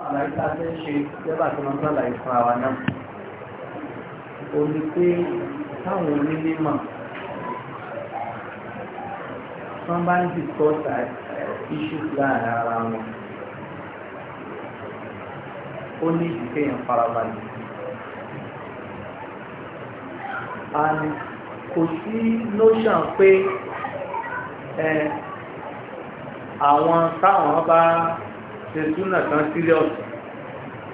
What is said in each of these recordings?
àlàyé tá a fẹ́ ṣe jẹ́bà tí wọ́n sàlàyé fún àwa náà o ní pé táwọn onímọ̀ wọ́n bá ń discuss uh, issues láàárín ara wọn ó ní ìkéyàn farabalẹ̀ and kò sí notion pé uh, àwọn táwọn bá ṣe súnà kan serious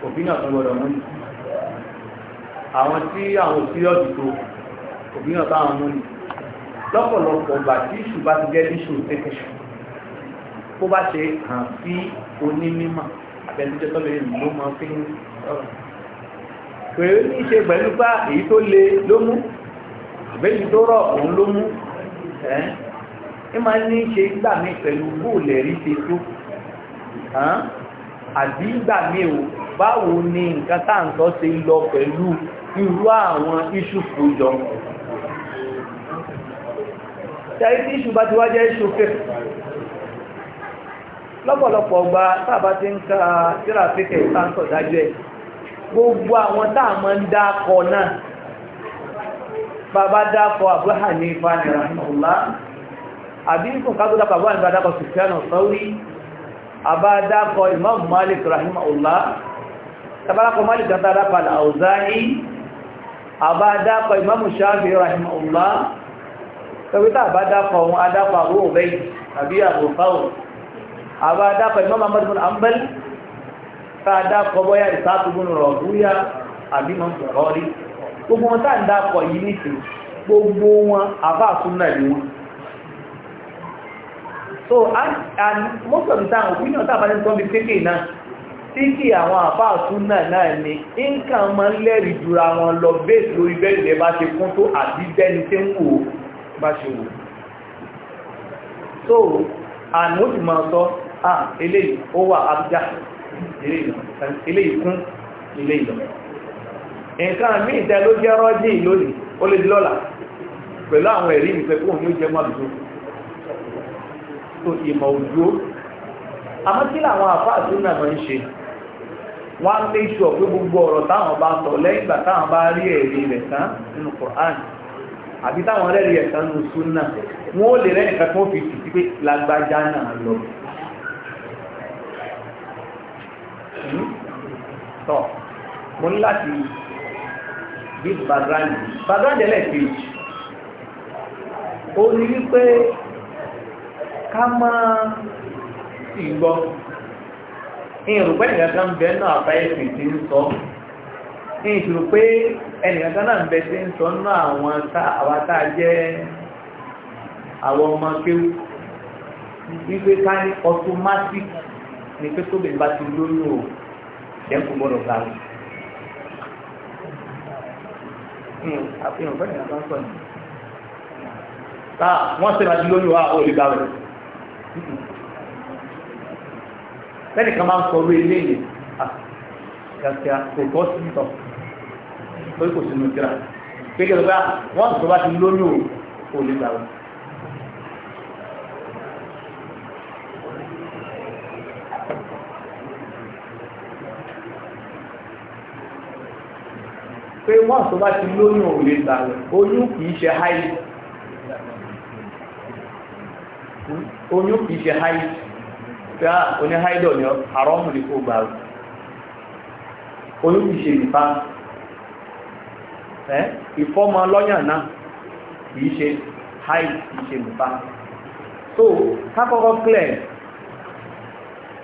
òbínà kan gbọdọ̀ mú ni àwọn tí àwọn serious tó òbínà táwọn mú ni lọ́pọ̀lọpọ̀ ọgbà tí ìṣù bá ti jẹ́ iṣu tẹ́kẹ̀ṣù kó bá ṣe hàn sí onímímọ̀ abẹ́lẹ́jọ́ tọ́lẹ̀ ló máa fi ń sọ̀rọ̀ pẹ̀lú ní ṣe pẹ̀lú bá èyí tó le ló mú ìbéyìí tó rọ̀ òun ló mú ẹ́ ẹ́ máa ní ṣe gbà mí pẹ̀lú bóòlù ẹ̀rí ṣe tó kù àbí ìgbà míì o báwo ni nǹkan tá à lọ pẹ̀lú irú àwọn iṣu fòjọ tẹ́rí tí iṣu bá ti wá iṣu fẹ́ lọ́pọ̀lọpọ̀ ọgbà tàbá ti ń ka dájú ẹ̀ gbogbo àwọn táàmọ́ ń dákọ náà bàbá dákọ àbí àbádákọ imam malik rahimahullah tàbárakọ malik tàbárakọ al'auza'i àbádákọ imam shafi rahimahullah tàbítà àbádákọ wọn adákọ àbúrò bẹ́ẹ̀ àbí àbúrò àbádákọ imam ahmad bin ambal tàbárakọ bọ́yá ìsáàkùnrin rọ̀búyá àbí mọ́sùn rọ́rí gbogbo wọn tàbárakọ yìí nìtì gbogbo wọn àbá so and most of the time opinion tá a bá ní tó ń bi fíkì náà fíkì àwọn àfáà súnà náà ni nǹkan máa ń lẹ́rìí jura wọn lọ bẹ́ẹ̀ lórí bẹ́ẹ̀ lẹ́ bá ṣe kún tó àbí bẹ́ni tí ń wò ó bá ṣe wò so and ó sì máa sọ ah eléyìí ó wà abjá eléyìí kún eléyìí lọ nǹkan míì tẹ ló jẹ́ rọ́jì lónìí ó lè di lọ́la pẹ̀lú àwọn ẹ̀rí ìfẹ́ fóun yóò jẹ́ mọ́ àdúgbò tó ìmọ̀ òjò àmọ́ kí làwọn àfáà tó nàmọ́ ń ṣe wọ́n á pé iṣu ọ̀pẹ́ gbogbo ọ̀rọ̀ táwọn bá sọ lẹ́yìn ìgbà táwọn bá rí ẹ̀rí rẹ̀ tán nínú Qur'an àbí táwọn rẹ̀ rí ẹ̀ tán nínú súnà wọ́n ó lè rẹ́yìn kan tó fi tìtí pé lágbájá náà lọ. Hmm? tọ́ mo ní láti bí badrani badrani ẹlẹ́ẹ̀kejì ó ní wípé ká máa sì gbọ́ ìrùpẹ́ ìgbàgbà ń bẹ náà àbáyé sì ti ń sọ ìṣòro pé ẹnìgbàgbà náà ń bẹ sí ń sọ náà àwọn àwátá jẹ́ àwọn ọmọ kéwù wípé ká ní automatic ni pé tóbi bá ti lóyún o jẹ́kù gbọ́dọ̀ gbà wọ́n. àfihàn fẹ́ẹ̀ ní àbá sọ ni. wọ́n ṣe máa ti lóyún wa ó lè lẹ́nì kan máa ń sọ orí ilé yìí àkàkà kò bọ́ sí ìtọ̀ lórí kò sínú ìtura gbégbé lọ́gbà wọ́n sọ bá ti lóyún o ò lè gbà wọ́n. pé wọ́n tó bá ti lóyún ò lè gbà oyún kìí ṣe háì oyún ise ṣe háì pé onye háìdọ̀ ni àrọ́mù ní kó gbà ó oyún kìí ṣe nìfà ẹ́ ìfọ́mọ lọ́yàn naa kìí ise háì se so kakọkọ clear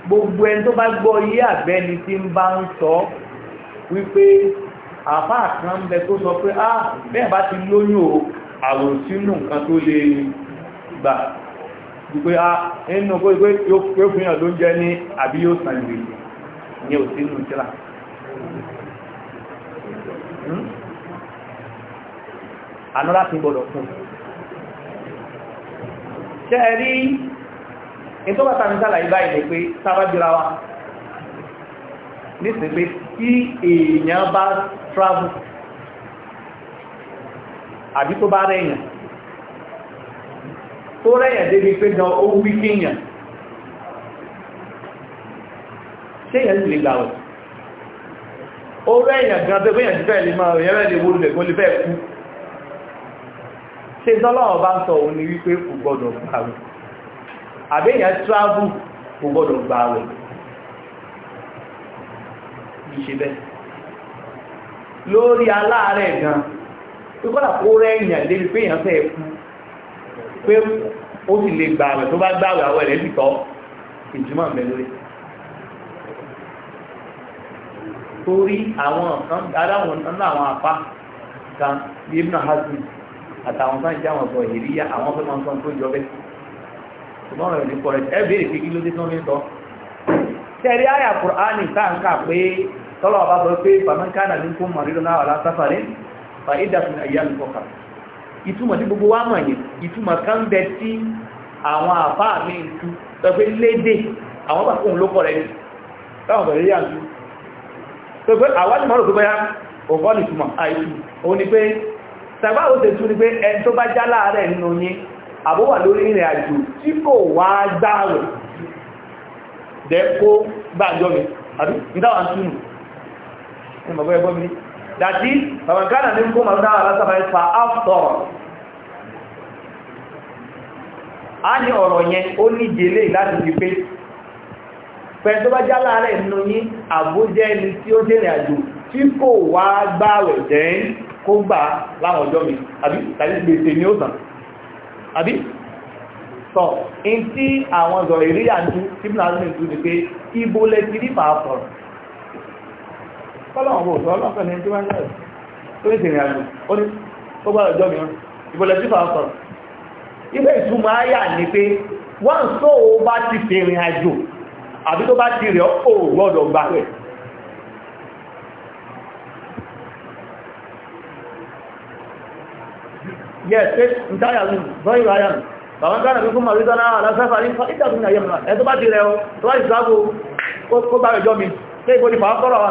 gbogbo ẹni tó bá gbọ́ iye àgbẹ́ni tí ń bá ń sọ wípé àbá kan bẹ tó sọ pé ah bẹ́ẹ̀ bá ti lóyún o wípé a ah, nínú kó wípé yóò fi hàn ló ń jẹ ní àbí yóò san ìrìn ní òsì nù tíra hmm? anọ́lá ti gbọ́dọ̀ fún ṣe rí ìtọ́bàtà ní sálàyé báyìí pé sábájúra wa nísìn pé tí èèyàn bá travel àbí tó bá tó rẹ̀yàn débi pé gan ó wí kíyàn ṣé èyàn sì lè gbà wẹ̀ ó rẹ̀yàn gan tó gbéyàn ti fẹ́ lè máa rẹ̀ rẹ̀ lè wó lulẹ̀ kó lè fẹ́ kú ṣe tọ́lọ́wọ́ bá ń sọ òun ni wípé kò gbọdọ̀ gbà wẹ̀ àbẹ́yàn travel kò gbọdọ̀ gbà pé ó sì lè gbà àwẹ̀ tó bá gbà àwẹ̀ àwẹ̀ sì tọ́ ìjùmọ̀ mẹ́ torí àwọn kan adáwọn náà àwọn apá kan bí ibùdó hasim àtàwọn kan jẹ́ àwọn ọ̀sọ̀ ìríyá àwọn fẹ́ máa ń sọ́n tó jọ bẹ́ẹ̀ ṣùgbọ́n ọ̀rọ̀ ìdí kọ̀rẹ́ ẹ béèrè pé kí ló dé tí fi ń sọ tẹ́rí àyà kùránì táǹkà pé tọ́lọ̀ ọba sọ pé ìtumọ̀ tí gbogbo wa mọ̀ yìí ìtumọ̀ kan bẹ tí àwọn àbá mi ń tú tọ́pẹ́ lédè àwọn bá fóun ló kọ̀ rẹ̀ ní táwọn bẹ̀rẹ̀ yà ń tú tọ́pẹ́ àwọn ti mọ́rọ̀ tó bẹ́yà ọ̀gọ́ nìtumọ̀ àìtù òun ni pé tàbá ó ti tú ni pé ẹni tó bá já láàárẹ̀ nínú yín àbówà lórí ìrìn àjò tí kò wá gbáàrẹ̀ dẹ́ kó gbàjọ́ mi àbí ìdáwà ń túnù that is faman kana minkum marda ala safar after. aftar ani ọ̀rọ̀ yẹn ó ní jele láti fi pé pé tó bá ja laare nínú yín aboje ni tí ó dé àjò tí kò wá gbààwẹ̀ den kó gbà láwọn ọjọ́ mi àbí tàbí gbèsè ni ó san àbí so in tí àwọn zoro iriya ndu tí bí na ndu ni kọ́lọ̀wọ̀n bò tọ́ lọ́pẹ́ ní tí wọ́n yẹ́ tó ní tìrìn àjò ó ní ó gbá ọjọ́ mìíràn ìbọ̀lẹ̀ tí ni pé wọ́n tó o bá ti tìrìn àjò àbí tó bá ti rẹ̀ ó gbọ́dọ̀ gbà rẹ̀ yẹ́sẹ̀ ìtayà ní bọ́yìn ayà ní bàwọn gánà tó kún màrí dáná aláfẹ́fà ní ìtàkùn ayẹ́mìnà ẹ̀ tó bá ti rẹ̀ ó tó bá ti sáàbò ó bá mi pé ìbò ní fàá sọ̀rọ̀ wà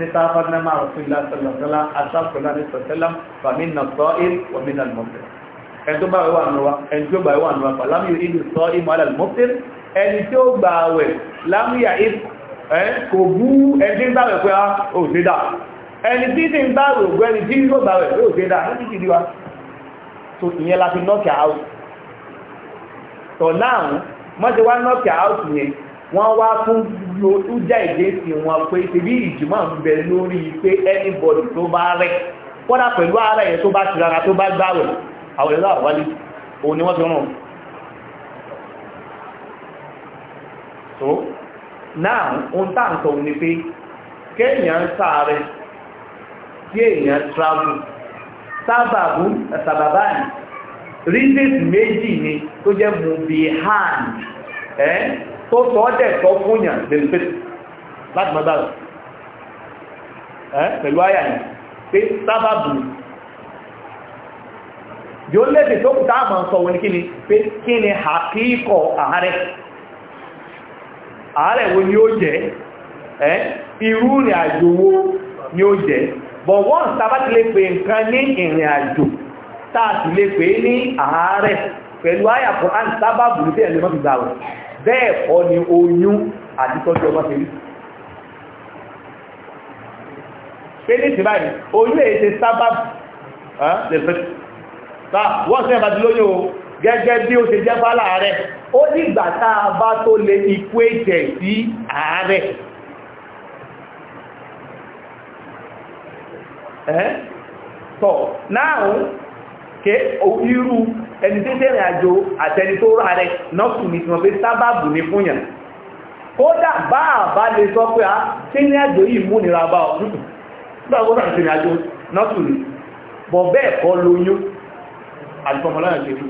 ní sáfàdì náà máa rọ̀tún ilá sọ̀lọ̀sọ́lá aṣáfùlá ní sọ̀tẹ́lá fàmí nà sọ ìl wọ̀mí nà mọ̀tẹ́ ẹni tó bá wà nùwà ẹni tó bá wà nùwà fàlámì ìlú sọ ìmọ̀ alẹ́ mọ̀tẹ́ ẹni tó gbà wẹ̀ lámúyà ìf kò bú ẹni tí ń gbàwẹ̀ pé ah, ó ṣe dà ẹni tí ti ń gbàwẹ̀ ògbó ẹni tí yóò gbàwẹ̀ pé ó ṣe dà ní kìkì wa tó ìyẹn la fi nọ́ọ̀kì àwọn tọ̀ náà mọ́ wọ́n wá fún lo ìjà èdè sí wọn pé tèmi ìjùmọ̀ ń bẹ lórí pé anybody tó bá rẹ̀ kọ́dà pẹ̀lú ara ẹ̀ tó bá ti rárá tó bá gbáwẹ̀ àwọn ẹ̀lọ́ àwálé òun ni wọ́n ti rán so now ohun tá ń sọ ní pé kéèyàn sáàrẹ̀ kí èèyàn travel sábàbù sábàbáyì reasons méjì ni tó jẹ́ mú bí hand eh? tó sọ ọ́dẹ̀ tọ́ fún yàn lẹ́nu pé láti mọ́ dára pẹ̀lú àyà yìí pé sábàbù yóò lẹ́dẹ̀ tó kùtà àmà sọ wọn kí ni pé kí ni àkíkọ̀ ààrẹ ààrẹ wo ni ó jẹ́ irú ìrìn àjò wo ni ó jẹ́ bọ̀ wọ́n sábàtí lè pè nǹkan ní ìrìn àjò táà lè pè ní ààrẹ pẹ̀lú àyà fún àti sábàbù ní tẹ́ẹ̀lẹ́mọ́ bẹ́ẹ̀ kọ́ ni oyún àti tọ́jú ọmọ ṣe rí pé ní ìsìnbá ní oyún èyí ṣe sábàbù lè fẹ́ ta wọ́n sẹ́ bá ti lóyún o gẹ́gẹ́ bí ó ṣe jẹ́ fálà rẹ̀ ó ní ìgbà táa bá tó lè ikú ẹ̀jẹ̀ sí ààrẹ tọ̀ náà ké irú ẹni tí tẹ́rìn àjò àtẹni tó rà rẹ̀ nọ́ọ̀sù ní tiwọn pé sábàbù ní fún yàn kódà bá àbá lè sọ pé a tí ní àjò yìí mú nira bá ọ̀ nígbàgbọ́n àti ìrìn àjò nọ́ọ̀sù ní bọ̀ bẹ́ẹ̀ kọ́ lóyún àjọmọ̀lọ́nà ṣe rí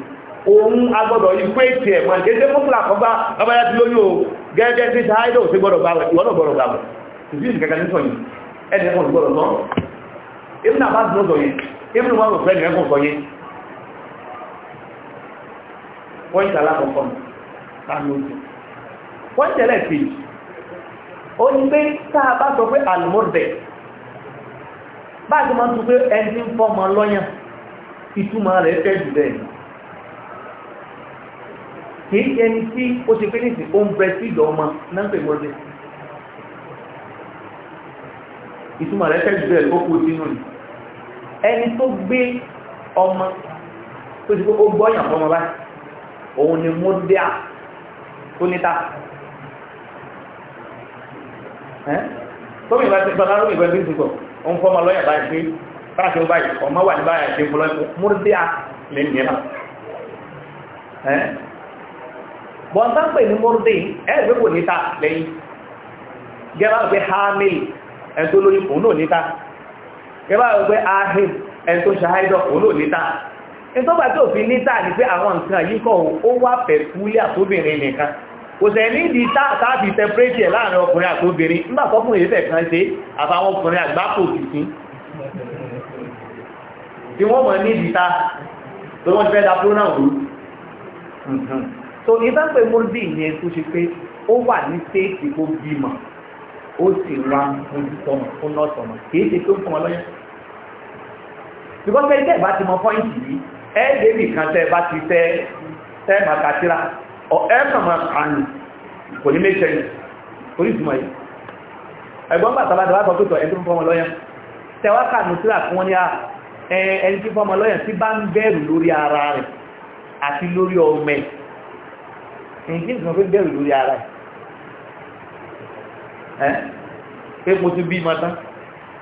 ohun agbọ́dọ̀ ikú ètì ẹ̀mọ̀ ìgbésẹ̀ mọ́kànlá kan bá bábáyá ti lóyún o gẹ́gẹ́ tí ṣááìdọ̀ ìbí ìkẹ́kẹ́ ní ẹni ẹ̀kọ́ gbọ́dọ̀ sọ ibùn àbá ti lọ́sọ̀ yìí pọ́ìntì alákọ̀ọ́kọ́ láàrin ojú pọ́ìntì ẹlẹ́ẹ̀kejì ó ní pé tá a bá sọ pé almorbe bá a ti máa ń tún pé ẹni ń fọ́mọ lọ́yàn ìtumọ̀ rẹ̀ fẹ́ jù bẹ́ẹ̀ kì í ṣe ẹni tí ó ṣe pé nísìn ó ń bẹ sí ìdọ̀ ọmọ náà ń pè mọ́dé rẹ̀ ẹni tó gbé ọmọ tó ti pé ó gbọ́yàn fọ́mọ báyìí òun ni múdíà tó níta tómi ìbáṣe bàbá lómi ìbáṣe ìsìnkò òun fọmọ lọ́yà báyìí pé báṣe ó báyìí ọmọ wà ní báyà ṣe fún lọ́yà múdíà lè nìyẹn bọ́n tán pè ní múdí ẹ̀ẹ́dẹ́gbẹ́ kò níta lẹ́yìn gẹ́gbà pé hamil ẹ̀tọ́ lórí òun náà níta gẹ́gbà pé ahim ẹ̀tọ́ ṣaháìdọ̀ òun náà níta ìtọ́gbà tó fi ní sáà ní pé àwọn nǹkan yìí kọ̀ ó wà pẹ̀kúlé àtóbìnrin nìkan kò sẹ̀ ní ìdí táàfi tẹpẹ́rẹ́tì ẹ̀ láàrin ọkùnrin àtóbìnrin nígbà tọ́kùnrin yìí fẹ̀kan ṣe àfàwọn ọkùnrin àgbákò kìkí tí wọ́n mọ̀ ní ìdí ta tó wọ́n fẹ́ da pronoun rú so ní bá pé mọ́lbí ìyẹn tó ṣe pé ó wà ní séèkì kó bímọ ó sì wá ojútọmọ fún nọ́ọ̀tọmọ kì í ṣe tó ń fún ọ lọ́yẹ́ because ẹgbẹ́ ìbá ti mọ pọ́ìntì yìí ẹ̀ẹ́dẹ́ nìkan tẹ́ bá ti tẹ́ tẹ́ màkàtíra ọ ẹ̀màmà kàánì kò ní méjì ẹ̀yìn orísìmọ̀ yìí ẹ̀gbọ́n bàtàbàtà wà tẹwà síra fún wọn ni ẹni tí fọmọ lọ́yàn tí bá ń bẹ̀rù lórí ara rẹ̀ àti lórí ọmọ ẹ̀ ǹjẹ́ ìgbìmọ̀ ara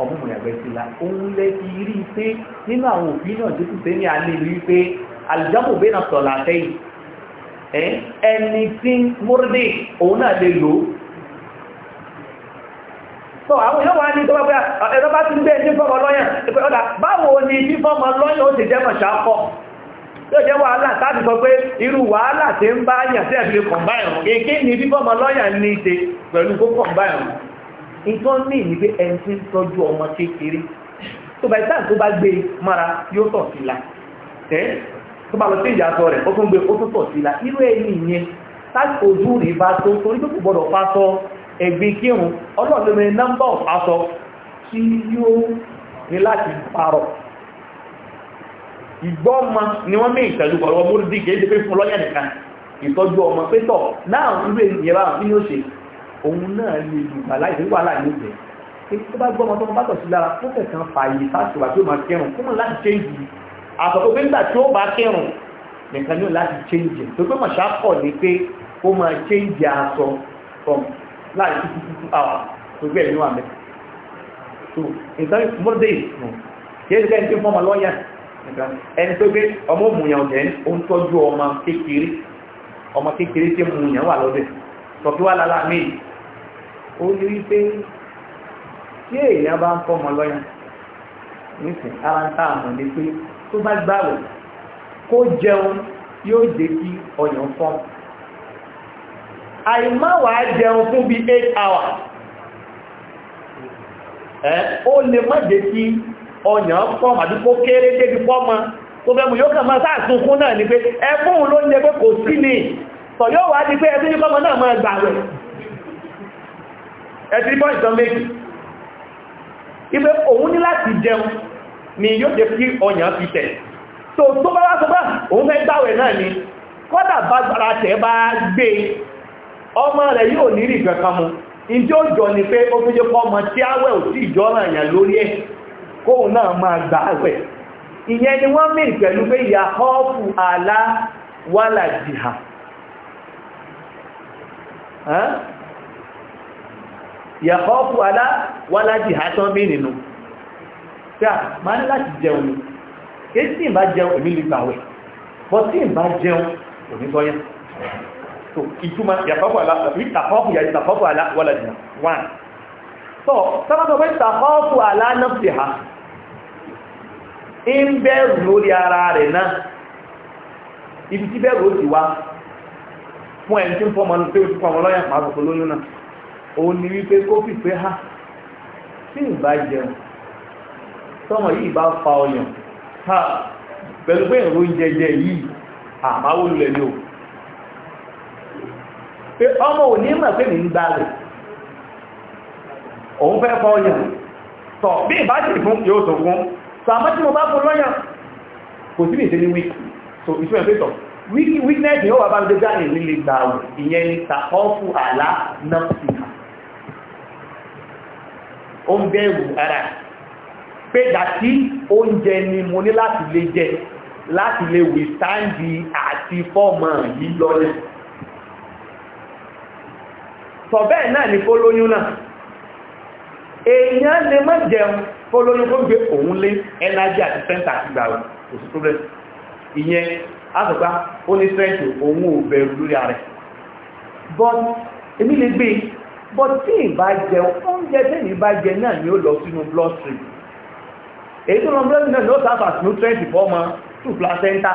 ọmọ ìmọ̀ ìyàgbẹ́ sí la òun lẹ ti rí i pé nínú àwọn òbí náà tó tún ṣe ní alẹ́ rí i pé àlùjábò bẹ́ẹ̀ náà sọ̀lá àtẹ́yìn ẹni tí múrídì òun náà lè lò ó so àwọn yóò wá ní tó bá ẹ̀rọ bá ti ń bẹ́ẹ̀ ní fọ́mọ lọ́yàn ìpẹ́ ọ̀dà báwo ni bí fọ́mọ lọ́yàn ó ti jẹ́ mọ̀ ṣàkọ́ yóò jẹ́ wàhálà tàbí sọ pé irú wàhálà tí ń bá yàn sí ẹ̀fẹ́ kọ̀m̀báyàn nǹkan ní ìní pé ẹni tí ń tọ́jú ọmọ kékeré tó bá ìtàn tó bá gbé mara yóò tọ̀ sí la ẹ́ tó bá lọ sí ìjà sọ rẹ̀ ó tún gbé ó tún tọ̀ sí la irú ẹni yẹn táti ojú rẹ̀ bá tó torí tó kò gbọdọ̀ fásọ ẹ̀gbin kírun ọlọ́ọ̀lọ́mọ ni wọ́n mí ìtẹ̀lú ọ̀rọ̀ mú dígé ìdíkẹ́ fún lọ́yẹ̀ nìkan ìtọ́jú ọmọ pétọ̀ náà irú ènìyàn ni ó ṣe òun náà lè lùgbà láìsí wàhálà yóò jẹ èyí tó bá gbọ́ ọmọ tó ń bá tọ̀ sí lára tó kẹ̀kan fààyè fásitìwà tó máa kẹrùn fún mọ̀ láti ṣéǹjì àtọ̀kọ́ pé nígbà tí ó bá kẹrùn nìkan ní láti ṣéǹjì tó pé mọ̀ṣá pọ̀ ní pé ó máa ṣéǹjì aṣọ from láì sí two two hours tó gbé ẹ̀mí wà mẹ́ so nǹkan mọ́dé nù kí ẹni kẹ́ni tó fọ́ ọmọ lọ́ọ̀yà ẹni tó gbé ọmọ òmùyàn ọ̀dẹ́ ó ń tọ́jú ọmọ kékeré ọmọ kékeré tí òmùyàn wà lọ́dẹ̀ tọ́kí wà lálá méjì ó ní wípé tí èèyàn bá ń fọmọ lọ́yàn nísìn ara ń tà àmọ̀ ní pé tó bá gbàwẹ̀ kó jẹun yóò jẹ́ kí ọyàn fọ́n àìmáwà jẹun fún bí 8 hours ẹ́ ó lè má jẹ́ kí ọyàn fọ́n àdúgbò kéré débi fọ́mọ tó fẹ́ mú yóò kàn máa sáàsùn fún náà ni pé ẹfún ló ń lè pé kò sí ni sọ yóò wá di pé ẹbí ní kọ́mọ náà máa gbàwẹ̀ ẹ̀tí bọ́ ìtàn méjì ibẹ̀ òun ní láti jẹun ni yóò jẹ kí ọyàn fi tẹ̀ so tó bá wá bá òun fẹ́ gbáwẹ̀ ni kọ́dà bá gbára tẹ̀ bá gbé ọmọ rẹ̀ yóò ní rí ìgbẹ̀ kan jọ ni pé ó fi jẹ́ kọ́ tí áwẹ̀ ò sí ìjọ náà lórí ẹ̀ náà máa ni wọ́n mìí pẹ̀lú pé ìyà ọ́ọ̀fù yẹ̀kọ́ fún alá wà láti àtọ́ bí nínú tí a máa ní láti jẹun ní kí tí ìbá jẹun èmi lè gbàwẹ̀ bọ́ tí ìbá jẹun òní tọ́yẹ́ so ìtumọ̀ yẹ̀kọ́ fún alá wà láti wọ́n so sábàtọ̀ pé tàkọ́ fún alá náà fi ha ń bẹ̀rù lórí ara rẹ̀ náà ibi tí bẹ̀rù ó ti wá fún ẹni pàápàá lóyún náà òun ni wípé kó fìfẹ́ há tí ìbá jẹun tọ́mọ yìí bá fa ọyàn ha pẹ̀lú pé ìrò jẹjẹ yìí àmáwò lẹ̀ ní o pé ọmọ ò ní mọ̀ pé ní ń rẹ̀ òun fẹ́ fa ọyàn tọ̀ bí ìbá sì fún yóò tó fún so àmọ́ tí mo bá fún lọ́yàn kò sí nìṣẹ́ ní wíkì so ìṣúyàn pé tọ̀ wíkì wíkì náà ni ó wà bá ń gbé jáde nílé gbà ìyẹn ni tàkọ́fù àlá náà ó ń bẹ̀rù ara pé dàtí oúnjẹ ni mo ní láti lè jẹ láti lè wìstáǹdì àti fọ́ọ̀mọ̀ yìí lọ́lẹ̀ sọ̀bẹ́ẹ̀ náà ni fólóyún náà èèyàn lè má jẹun fólóyún kó gbé òun lé ẹnájí àti sẹ́ntà àti gbàrù òsì problem ìyẹn àtọ̀gbá ó ní sẹ́ntì òun ò bẹ̀rù lórí ààrẹ but èmi lè gbé e but tí ìbá jẹun oúnjẹ tẹ́mi bá jẹ náà ni ó lọ sínú blood stream èyí tó lọ blood stream náà ló sáfà sínú twenty four mọ two placenta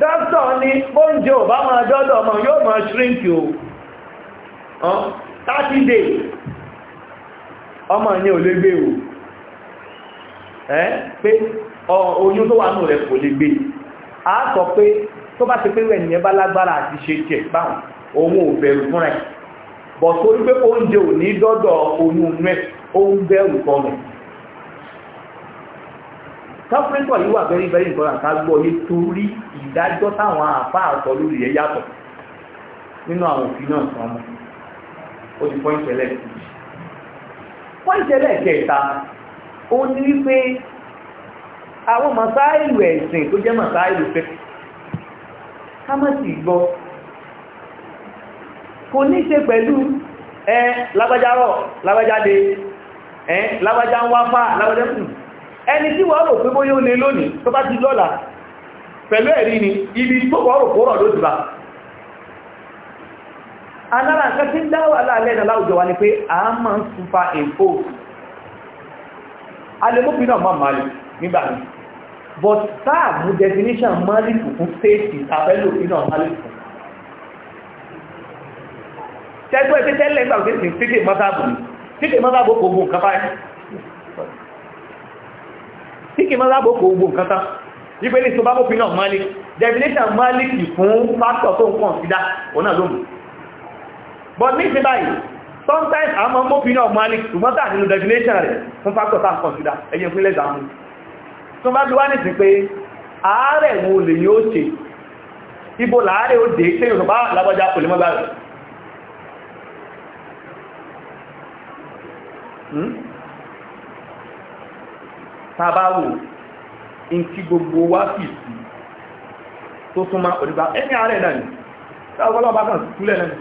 dókítà ni oúnjẹ ò bá máa dọ́dọ̀ ọmọ yóò máa shrink o thirty days ọmọ yẹn ò lè gbé o pé oyún tó wà nù rẹ̀ kò lè gbé a sọ pé tó bá ti pé rẹ̀ nìyẹn bá lágbára àti ṣe jẹ̀ báwọn òun ò bẹ̀rù fúnra ẹ̀ bọ̀ torí pé oúnjẹ ò ní dọ́dọ̀ oyún rẹ̀ ó ń bẹ̀rù kọlù káfíńtọ̀ yìí wà bẹ́rí bẹ́rí nǹkan torí ìdájọ́ táwọn àpá àtọ̀ lórí ẹ̀ yàtọ̀ nínú àwọn òfin náà kan mọ́ ó di pọ́ǹtì ẹlẹ́ẹ̀kejì ó ní àwọn màsáìlù ẹ̀sìn tó jẹ́ màsáìlù fẹ́ ká kò ní ṣe pẹ̀lú ẹ lágbájárọ̀ lágbájáde ẹ lágbájá ń wá fà lágbájẹ́kùn ẹni tí wọ́n rò pé bóyá ó lè lónìí tó bá ti lọ́la pẹ̀lú ẹ̀rí ni ibi tó wọ́n rò kó rọ̀ ló ti bá alára nǹkan tí ń dá wà a máa ń súnpa èkó alẹ́mọ́pin náà máa máa lè nígbà mi but sáà mú definition máa lè fún fún safety abẹ́lò iná máa lè fún tẹ́gbọ́ ẹ̀ tẹ́lẹ̀ ìgbà òkè títí mọ́sáàbù ní títí mọ́sáàbù kò gùn kan báyìí títí mọ́sáàbù kò gùn kan tán wípé ní tó bá mọ́ pinnu malik definition malik fún factor tó ń kàn sídá òun náà ló but ní ti báyìí sometimes a máa mọ́ pinnu malik ṣùgbọ́n tà nínú definition rẹ̀ fún factor tá ń kàn sídá ẹ̀yẹ fún ilẹ̀ ìdààmú tó bá bí wá nìsín pé àárẹ̀ wo lè yóò ṣe ibo Hmm? tàbáwò in tí gbogbo wá fi sí tó súnmọ́ òdìbá ẹni ààrẹ ni táwọn bá túlẹ̀ náà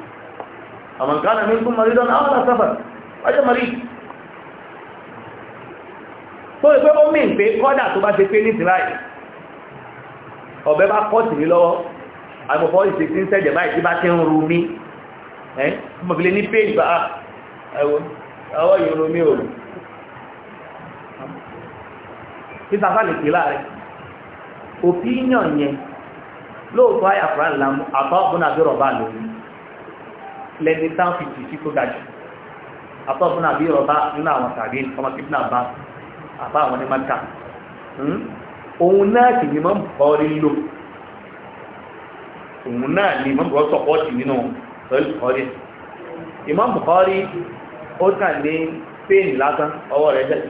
àmà ní fún marí dánà àwọn àsáfà wájẹ́ marí tó ìpé ó mìí pé kọ́dà tó bá ṣe pé ní tìláì ọ̀bẹ bá kọ́ sí ọwọ́ ìrò mi ò títà fàlè pè láàrin opinion yẹn lóòótọ́ àyàfà ìlànà àtọ́ọ̀bùn àbí rọ̀bà lórí lẹ́ni tán fi tìtì tó gajù àtọ́ọ̀bùn àbí rọ̀bà nínú àwọn tàbí ọmọ tí náà bá àbá àwọn hmm? òun náà sì ni mọ́ bọ́ ó kàn ní pain lásán ọwọ́ rẹ̀ jẹ́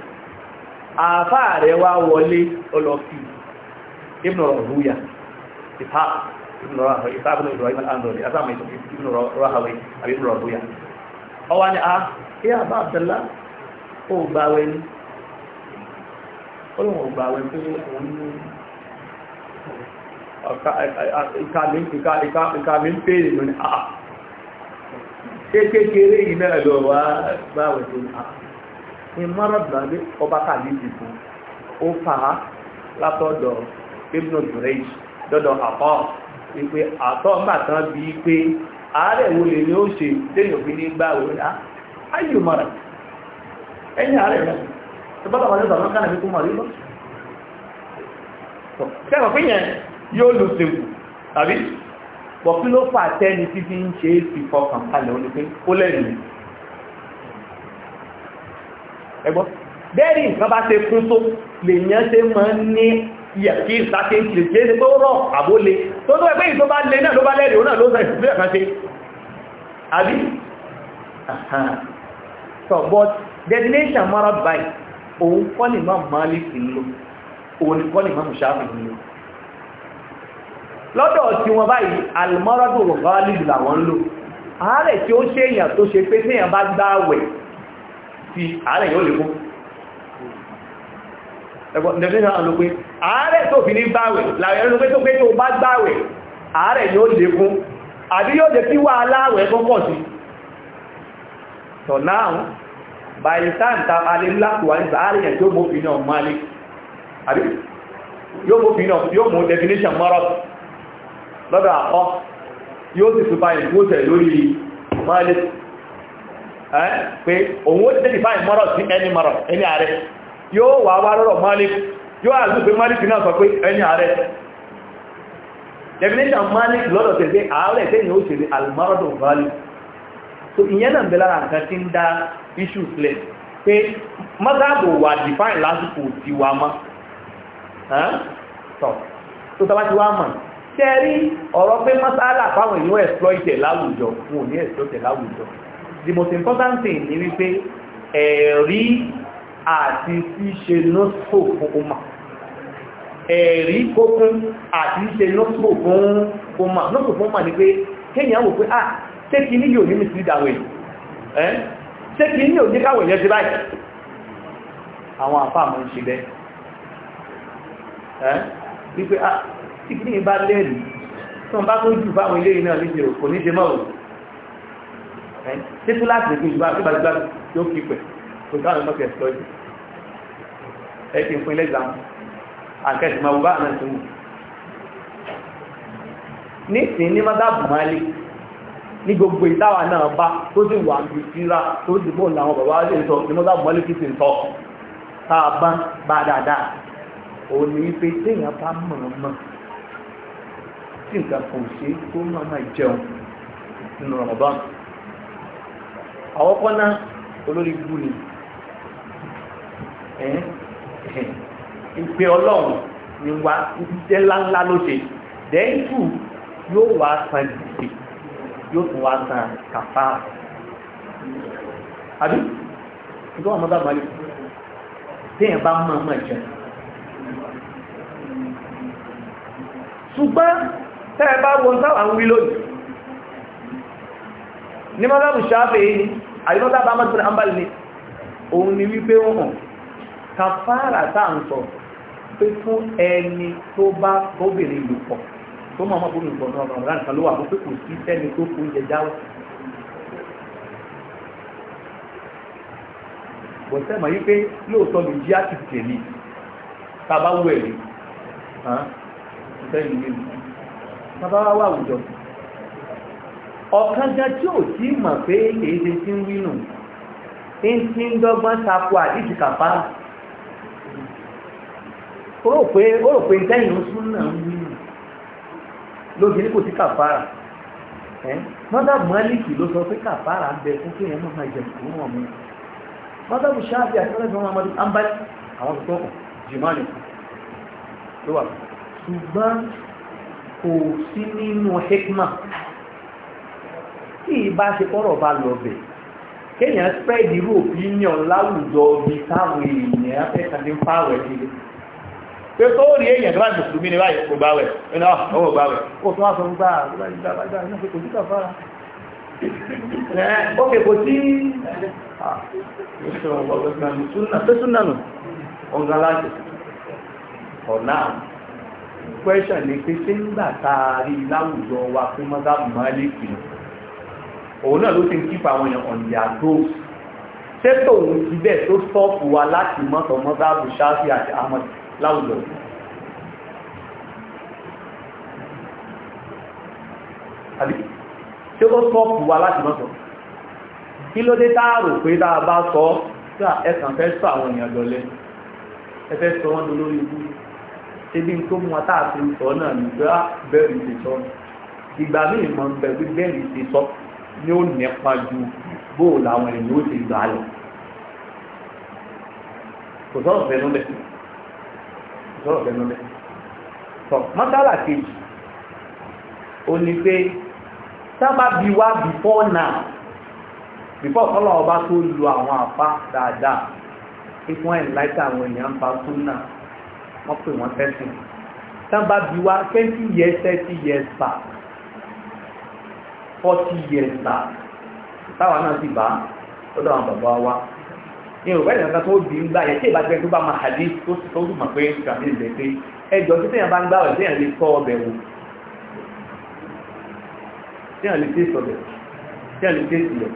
àfá rẹ̀ wá wọlé ọlọ́fí ibn rọ̀húyà ìfà ibn rọ̀húyà ìfà ibn rọ̀húyà al'andori asáàmì ibn rọ̀húyà àbí ibn rọ̀húyà ọwá ni a kí àbá àbdàlá ó gbáwẹ́ ní ọlọ́wọ̀n gbáwẹ́ pé òun ní ìkàmí pèrè lónìí ṣé kékeré yìí náà lọ wá báwọn ṣe ń ta ìmọ̀ràn ọba kàdí ti ó fà á látọ̀dọ̀ ibnu Jurayj dọ́dọ̀ àpọ̀ ìpè àtọ̀ ńgbà bí i pé àárẹ̀ wo lè ní ó ṣe téèyàn fi ní gbà wò á ayé ẹ̀yìn rẹ̀ wọn kánà bọ̀ kí ló fà tẹ́ni títí ń ṣe é fi fọkàn kalẹ̀ ó ní pé ó lẹ́rìí ẹgbọ́ bẹ́ẹ̀rì nǹkan bá ṣe kún tó lè yán ṣe mọ́ ní yẹ̀kí ìsáké ìṣẹ̀lẹ̀ jẹ́ ṣe tó rọ̀ àbólé tó tó ẹgbẹ́ ìtó bá lè náà ló bá lẹ́rìí ó náà ló sẹ̀ ìṣẹ̀lẹ̀ kan ṣe àbí so but destination mara by òun kọ́ ni máa máa lè sí lò òun kọ́ ni máa mú lò lọ́dọ̀ tí wọ́n báyìí alìmọ́rọ́dùn rọ̀gọ́lìbì làwọn ń lò ààrẹ tí ó ṣe èyàn tó ṣe pé tí èyàn bá gbá àwẹ̀ ti ààrẹ yóò lè fún ààrẹ tó fi ní gbáwẹ̀ láàrẹ ló pé tó pé tó bá gbáwẹ̀ ààrẹ yóò lè fún àbí yóò jẹ́ kí wà aláwẹ̀ tó pọ̀ sí so now by the time ta alélàkùwà ní ààrẹ yẹn tó mọ́ fi náà mọ́ alé àbí yóò mọ́ definition mọ́rọ̀tù lọ́dọ̀ àkọ́ yóò sì tún báyìí wó tẹ̀ lórí mọ́lẹ̀ pé òun ó tẹ́lì báyìí mọ́rọ̀ sí ẹni mọ́rọ̀ ẹni ààrẹ yóò wà wá lọ́rọ̀ mọ́lẹ̀ yóò àgbù pé mọ́lẹ̀ náà sọ pé ẹni ààrẹ definition mọ́lẹ̀ lọ́dọ̀ tẹ̀lé ààrẹ tẹ́yìn ó ṣeré almarado value so ìyẹn náà bẹ̀lára nǹkan tí ń dá issue flẹ̀ pé mọ́sáàbò wà define lásìkò tiwa mọ́ tó tọ́bá ti wá mọ̀ kẹrí ọ̀rọ̀ pé mọ́sálà fáwọn èèyàn exploited láwùjọ wọn ò ní exploited láwùjọ the most important thing ni wípé ẹ̀rí àti ṣíṣe nọ́sọ̀ fún ọmọ ẹ̀rí kókún àti ṣíṣe nọ́sọ̀ fún ọmọ nọ́sọ̀ fún ọmọ ni pé kéèyàn wò pé ah ṣé kí ní yóò ní mísìlì dàwẹ̀ ẹ́ ṣé kí ní yóò ní káwẹ̀ yẹn ti báyìí àwọn àfáà mọ̀ ń ṣe bẹ́ẹ̀ wípé ah tí kìí bá lẹ́rù tó ń bá tó jù báwọn ilé iná níbi òkò ní ṣe mọ́wọ̀ títú láti ìgbé ìgbà tó bá gbá tó kí pẹ̀ kò dáwọn ọmọ kẹsì lọ́jọ́ ẹ kí n fún ilé ìgbàmù àkẹsì máa wù bá àná ìtumù nísìnyí ní mọ́tàbù máa lé ní gbogbo ìdáwà náà bá tó sì wà ní síra tó sì bóun làwọn bàbá lè sọ ní mọ́tàbù máa kí sì ń tọ́ tá a bá bá dáadáa òun ní pé téèyàn bá mọ̀ mọ̀ tí nǹkan kan ò ṣe tó máa máa jẹun nínú Ramadan àwọn kọ́nà olórí gbú ni ìpè ọlọ́run ni wa iṣẹ́ ńláńlá ló ṣe dẹ́ńtù yóò wá san gbèsè yóò tún wá san kàfá àbí ìgbọ́n ọmọdé àbálẹ̀ téèyàn bá mọ̀ mọ̀ jẹun ṣùgbọ́n tẹ́ẹ̀ bá wọn sáwà ń wí lónìí ní mọ́lábù ṣáfẹ́ yìí àríwọ́ta bá mọ́tún àmbàlì ní òun ni wípé wọn kàfàrà táà ń sọ pé fún ẹni tó bá obìnrin lò pọ̀ tó mọ́ ọmọkùnrin pọ̀ náà rọrùn láǹkà ló wà fún pé kò sí sẹ́ni tó fún jẹjáwó bọ̀sẹ̀ mọ̀ yí pé lóòótọ́ ló jí àtìkè ní tàbára wà àwùjọ ọ̀kan gan tí ò tí mọ̀ pé èdè tí ń wínú ń tí ń dọ́gbọ́n sapo àdìsí kàfàrà ó rò pé ó rò pé ìtẹ́yìn oṣù náà ń wínú lóde ní kò sí kàfàrà mọ́tà mọ́lìkì ló sọ pé kàfàrà ń bẹ fún kéèyàn náà máa jẹ fún wọn mú mọ́tà bù ṣáàbì ṣùgbọ́n kò sí nínú hikma tí ìbá ṣe kọ́rọ̀ bá spread irú opinion láwùjọ bí táwọn èèyàn afẹ́kàndé ń fáwẹ̀ nílé pé tó rí èèyàn tó bá mùsùlùmí ní báyìí kò báwẹ̀ ọwọ́ ah, báwẹ̀ ó tún wá sọ ah, gbá question ni pé ṣé nígbà tá a rí láwùjọ wa pé mọ́sáàbù máàlìkì òun náà ló ti ń kípa àwọn èèyàn on their toes ṣé tòun ti bẹ́ẹ̀ tó sọ́ọ̀pù wa láti mọ́tọ̀ mọ́sáàbù ṣáfì àti ahmed láwùjọ àbí tí ó sọ́pù wa láti mọ́sọ̀. kí ló dé táàrò pé dáa bá sọ ẹ́sàn fẹ́ sọ àwọn èèyàn jọlẹ́ ẹfẹ́ sọ wọ́n dolórí ikú ṣebí tó mú wa táà fi sọ náà ní bá ah, bẹ́ẹ̀rì ti sọ ìgbà míì mọ̀ ń bẹ̀ pé bẹ́ẹ̀rì ti sọ ni ó nípa ju bóòlù àwọn ènìyàn ó ti gbà lọ kò sọ̀rọ̀ fẹ́ lọ́lẹ̀ kò sọ̀rọ̀ fẹ́ lọ́lẹ̀ tọ́ mọ́tálà kejì ó ní pé sábà bí wá before now before kọ́lọ́ ọba tó lu àwọn àpá dáadáa kíkún ẹ̀ láìsí àwọn èèyàn ń pa súnà wọ́n pè wọ́n sẹ́sìn tán bá bí wá twenty years thirty years back forty years back táwọn náà sì bá lọ́dọ̀ àwọn bàbá wa ní ìrọ̀bẹ́ ìrìnàkà tó di ńgbà yẹn tí ìbájẹ́ tó bá máa hàdí tó sì tó dùnmọ̀ pé ìgbàmí ìgbẹ́ pé ẹjọ́ tí tèèyàn bá ń gbàwẹ̀ tèèyàn lè kọ́ ọbẹ̀ wò tèèyàn lè tèèsì ọbẹ̀ tèèyàn lè tèèsì ẹ̀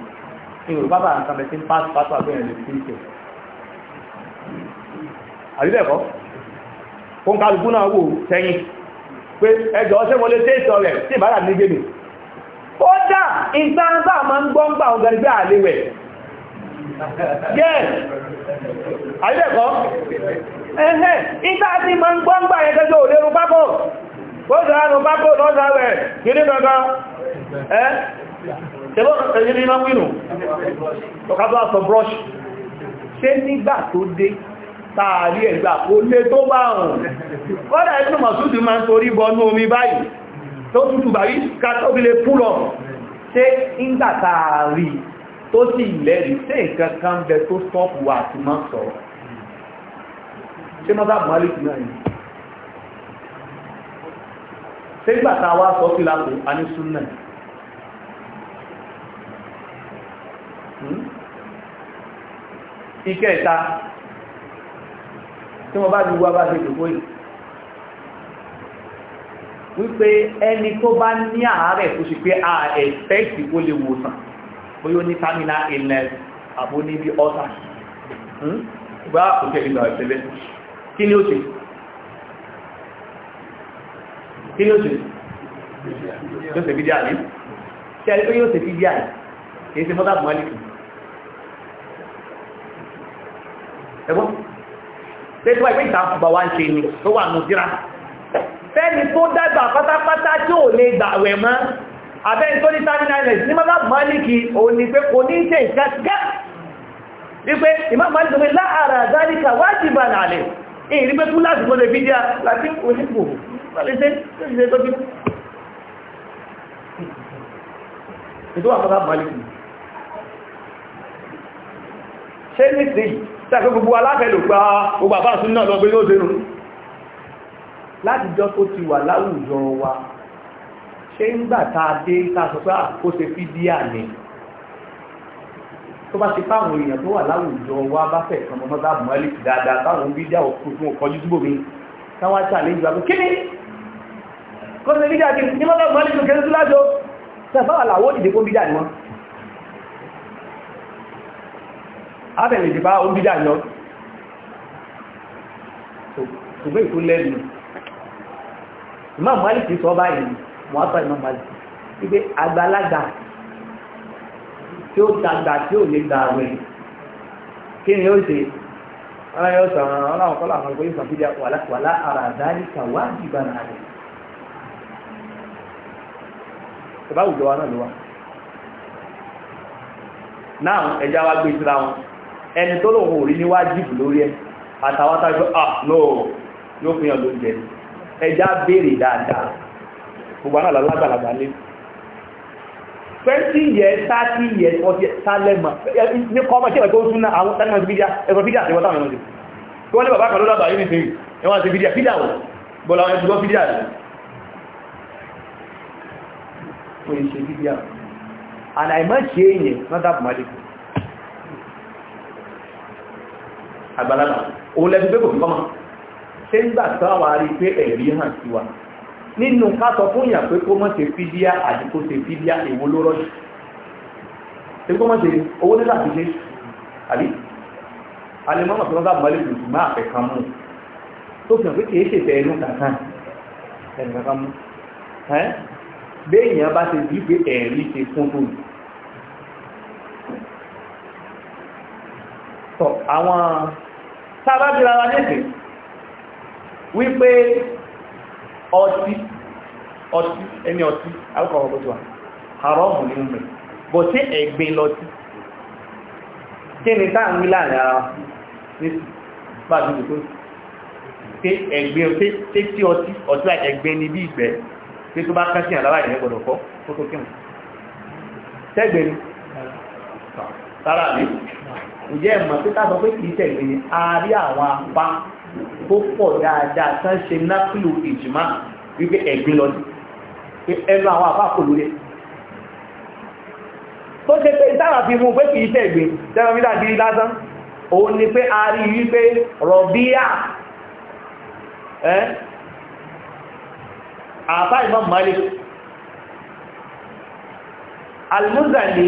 ní ìrọ̀bá bá nǹkan bẹ̀ tí ń pàṣípàṣọ àbẹ̀yàn lè tèèsì ẹ̀ àbíbẹ̀kọ́ fún kálukú náà wò sẹ́yìn pé ẹjọ́ ṣé mo lè ṣe ìṣọ́ rẹ̀ sí ìbára ní gbèmí ó dá ìtàǹbà máa ń gbọ́ngbà ọ̀gá ẹgbẹ́ àlewẹ̀ yes àìlẹ́kọ́ ẹ̀hẹ́ ìtàǹbà máa ń gbọ́ngbà ẹgbẹ́gbẹ́ òlérú pápọ̀ ó sàánù pápọ̀ lọ́sàwẹ̀ gírí gangan ẹ́ tẹ́lọ́ ẹ̀yìn ní máa wínú ọkàtọ́ àtọ̀ brush ṣe nígbà tó dé táàrí ẹ̀gbà kó lé tó bá ọ̀n kọ́dà ẹ̀tún mọ̀súdù máa ń torí bọnú omi báyìí tó tútù bàrí kátọ́bílé púlọ̀ ṣe ń tàtàrí tó sì lẹ́rí tí nǹkan kan bẹ tó sọ́pù àti mọ́ sọ̀rọ̀ ṣe mọ́sá mọ́lìkì náà ni ṣe gbàtà wá sọ sí lápò anísúnnà hmm? ìkẹta tí wọ́n bá ti wá bá ṣe dòkó yìí wípé ẹni tó bá ní àárẹ̀ tó ṣe pé a ẹ̀fẹ́ẹ̀tì ó lè wòsàn bóyá ó ní terminal illness àbó ní bí ọ́sà ìgbà òkèlè ìgbà ìṣẹ̀lẹ̀ kí ni ó ṣe kí ni ó ṣe yóò ṣe fídíà ní ṣe ẹni pé yóò ṣe fídíà ní kìí ṣe mọ́tàbùmọ́lìkì ẹgbọ́n lẹ́tọ́ ìpín ìtàkùbà wá ń ṣe ni tó wà nù síra fẹ́ni tó dàgbà pátápátá tí ò lè gbà wẹ̀ mọ́ abẹ́ni tó ní terminalness ní mọ́lá mọ́lìkì òun ni pé kò ní ṣe ìkẹ́kẹ́ wípé ìmá mọ́lìkì pé láàrà dáríkà wájìbà nàlẹ̀ èyí rí pé tún láti gbọ́dọ̀ bí díà láti òṣìṣẹ́ ìtọ́wà mọ́lá mọ́lìkì ṣe ní tẹ́kọ̀ gbogbo aláfẹ́lò pa gbogbo àbá àtúnnà lọ́gbé yóò dẹnu láti jọ tó ti wà láwùjọ wa ṣe ń gbà ta dé tàṣọ pé àkó ṣe fi dí àmì tó bá ṣe fáwọn èèyàn tó wà láwùjọ wa bá fẹ́ kan mọ́ bá mọ́lì dáadáa báwọn bí dá òkú fún ọkọjú túbò mi táwọn ṣàlejò àpò kí ni kọ́sẹ̀ bí dá kí ni mọ́ bá mọ́lì tó kẹ́rẹ́ tó lájọ tẹ̀fáwà làwọ́ ìdíkó bí dá ni wọ́n àtẹ̀lẹ̀ ìdìbá ó ń bídà yọ ṣùgbé ìtú lẹ́nu Imam Malik sọ báyìí mọ́tọ̀ Imam Malik wípé àgbàlagbà tí ó dàgbà tí ò lè gbà àwẹ̀ kí ni ó ṣe wọ́n yóò sọ̀rọ̀ ọlọ́run kọ́lá àwọn ìgbóyìn sàn fídíà wàlá ara dáríkà wájìbà náà rẹ̀ ìbáwùjọ wa náà ló ẹni tó lòun ò rí ní wájìbù lórí ẹ àtàwátájú ah no yóò fi hàn ló jẹ ẹjá béèrè dáadáa gbogbo àwọn alágbàlagbà lé twenty years thirty years forty years sálẹ̀mà ní kọ́mọ̀ tí ẹ̀kọ́ tún náà àwọn tánimọ̀ sí fídíà ẹ̀kọ́ fídíà àti wọ́n táwọn ẹ̀mọ́ sí tí wọ́n ní bàbá kan ló dábàá yìí nìsín ẹ̀wọ̀n àti fídíà fídíà wọ̀ bọ́lá wọn and i must say, èyàn not that magic àgbàlagbà òun lẹ́bí pé kò fi kọ́mà ṣé ń gbà tó àwà rí pé ẹ̀rí hàn sí wa nínú ká sọ fún ìyà pé kó mọ́ ṣe fídíà àti kó ṣe fídíà èwo ló rọ́jù ṣe kó mọ́ ṣe owó nílà ti ṣe àbí alẹ́mọ́mọ́ tó lọ́gbà mọ́lẹ̀ tuntun máa fẹ́ kan mú tó fi hàn pé kìí ṣètẹ̀ ẹnu kankan ẹnu kankan mú bẹ́ẹ̀ yẹn bá ṣe wípé ẹ̀rí ṣe fún tó tọ̀ àwọn sábábìra wa nìsìn wípé ọtí ọtí ẹni ọtí alcohol bó ti wà haramu ní mẹ́ bọ̀ sí ẹ̀gbin lọtí kí ni táà ń wí láàrin ara ní pàtàkì ìdíkó pé ẹ̀gbin pé tí ọtí ọtí láì ẹ̀gbin ní bí ìgbẹ́ pé tó bá kásí àlábà ìrìn ǹjẹ́ ẹ̀mọ̀ tí ká sọ pé kìí tẹ̀lé ni a rí àwọn apá tó pọ̀ dáadáa tán ṣe nápìlù ìjìmá wípé ẹ̀gbin lọ sí ẹnu àwọn apá kò lórí tó ṣe pé ìtara fi mú pé kìí tẹ̀gbin tẹ́lẹ̀ mi dàbí lásán òun ni pé a rí wípé rọ̀bíà àpá ìmọ̀ mọ́lẹ̀ almuzani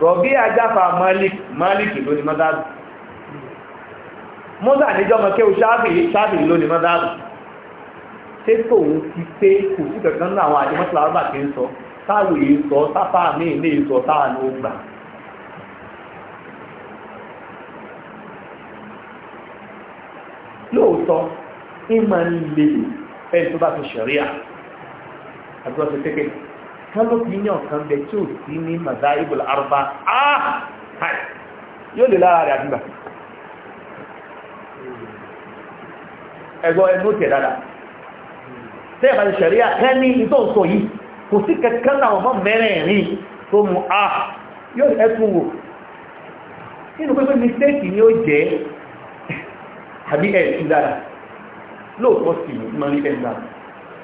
rọ̀bí àjáfà malik malik ló ní mọ́dáàbù mọ́dà níjọ́mọ̀ kí o ṣáàbì ló ní mọ́dáàbù ṣé tòun ti pé kò sí kankan ní àwọn àdìmọ́sílá ọgbà tí ń sọ táàrù yìí sọ sáfà mí ilé ìsọ táàrù ó gbà lóòótọ́ ìmọ̀ ń lè tó bá ti tẹ́kẹ̀ẹ́ kan lópinion kan bẹ tí ò sí ní mazahibul arba ah hai yóò lè lára rẹ̀ àdúgbà ẹgbọ́ ẹnu tẹ̀ dáadáa tẹ́ ẹ̀bá ìṣẹ̀ríà kẹ́ ní ìtọ́ǹsọ̀ yìí kò sí kẹ́kẹ́ láwọn ọmọ mẹ́rẹ̀ẹ̀rin tó mú ah yóò ẹkùn wò nínú pẹ́pẹ́ mistake ni ó jẹ́ àbí ẹ̀sùn dára lóòpọ̀ sí mọ́rí ẹ̀dá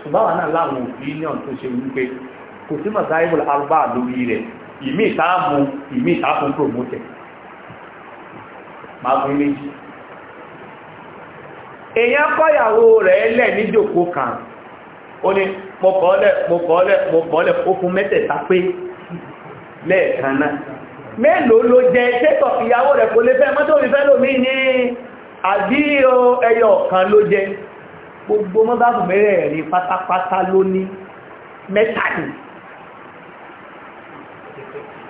ṣùgbọ́n wà náà láwọn ní ọ̀n tó ṣe wípé kò sí masáyébùl arúgbà lórí rẹ̀ ìmí ìtààmù ìmí ìtààfún promote máa fún méjì èyàn kọ́yàwó rẹ̀ lẹ̀ ní jòkó kan ó ní mọ̀kọ́lẹ̀ mọ̀kọ́lẹ̀ mọ̀kọ́lẹ̀ ó fún mẹ́tẹ̀ẹ̀ta pé lẹ́ẹ̀kan náà mélòó ló jẹ tẹ́tọ̀ ìyàwó rẹ̀ kò lè fẹ́ mọ́tò rí fẹ́ lómi ní àbí ẹyọ kan ló jẹ gbogbo mọ́bàbù pátápátá ló ní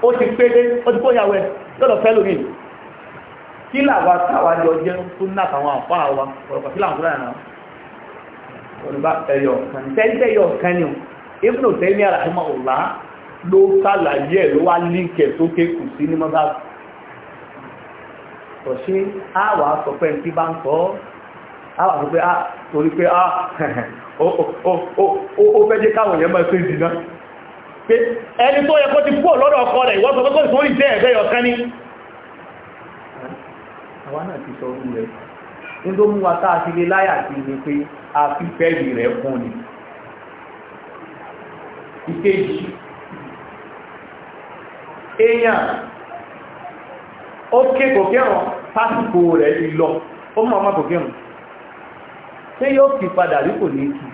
ó ti pédé ó ti kóyàwó ẹ̀ lọ́dọ̀ fẹ́ lórí kí làwà táwà jọ jẹ́ tó ní àtàwọn àpá àwa ọ̀rọ̀kọ̀ sí làǹkúrà náà olùbá ẹ̀yọ̀ kan tẹ́lẹ̀ yọ̀ kan ni ibùdó tẹ́lẹ̀ àràmọ́ ọ̀la ló sàlàyé ẹ̀ ló wá líǹkẹ̀ tó ké kù sí ní mọ́tà kò ṣe àwà sọ pé tí bá ń sọ àwà sọ pé ah, pé ẹni tó yẹ kó ti pọ̀ lọ́dọ̀ ọkọ rẹ̀ ìwọ́n sọ pé kó sì wọ́n ìjẹ́ ẹ̀fẹ́ ọ̀kan ní àwọn náà ti sọ orú rẹ̀ ní tó mú wa táà sí lé láyà sí ni pé a fi fẹ́ẹ̀lì rẹ̀ kún ni ìkejì èèyàn ó ké kòkẹ́rùn pásìkò rẹ̀ ìlọ ó mọ̀ ọmọ kòkẹ́rùn tí yóò fi padà rí kò ní kí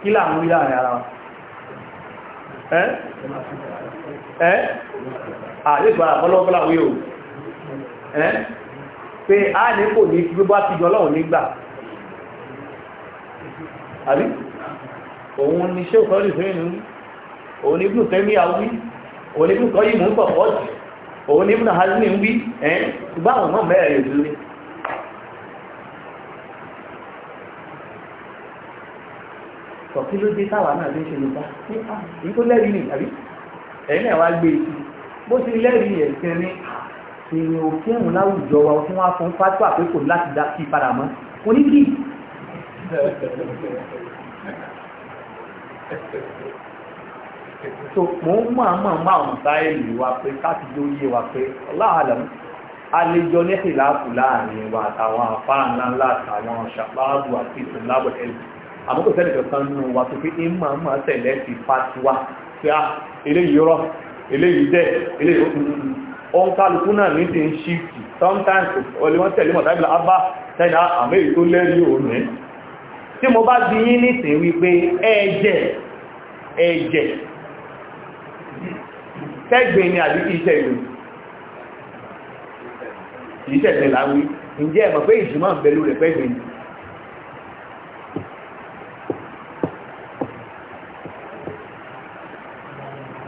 kí láàmú láàrin ara wọn ẹ́ ẹ́ àyíkò àpọ̀lọ́pọ̀lá wí o ẹ́ pé a ní kò ní bí bá ti jọ lọ́wọ́ nígbà àbí òun ni ṣé òkọ́ lè fẹ́ nínú òun ní gùn tẹ́mí àwí òun ní gùn kọ́ yìí mú pọ̀ òun ní gùn hazmi ń wí ẹ́ ṣùgbọ́n àwọn mẹ́rẹ̀ yóò tọ̀ kí ló dé táwa náà ló ń ṣe yorùbá ní à èyí tó lẹ́rìí nì àbí ẹ̀yin náà gbé etí bó ti lẹ́rìí ẹ̀sìn ni èèyàn ò kírun láwùjọ wa tí wọ́n á fún fátó àpékò láti dá sí padà mọ́ oníkì so mo ń mọ̀ mọ̀ mọ̀ àwọn sáyẹ̀lì wa pé káàtì ló yé wa pé ọláàlẹ̀ àlejò ní ìlàkù láàrin wa àtàwọn àfáà ńláńlá àtàwọn ṣàpáàbù àti ìsìnlábọ̀ àmọ́ kò sẹ́nì kankan nù wà tó fi ń máa máa tẹ̀lé ti fatiwa pé á ah, eléyìí rọ eléyìí dẹ eléyìí ó tuntun ohun kálukú náà ní ti ń ṣíìtì sometimes ọlẹ́ wọ́n tẹ̀lé mọ̀tàbílà abá tẹ́lá ah, àmì èyí tó lẹ́rí òun tí mo bá bí yín nìsìn wípé ẹ̀jẹ̀ ẹ̀jẹ̀ tẹ́gbẹ̀ ni àbí iṣẹ́ ìlú ìṣẹ̀lẹ̀ láwí ǹjẹ́ ẹ̀mọ̀ pé ìjùmọ̀ ń bẹ̀lú rẹ̀ pẹ́gbẹ̀ ni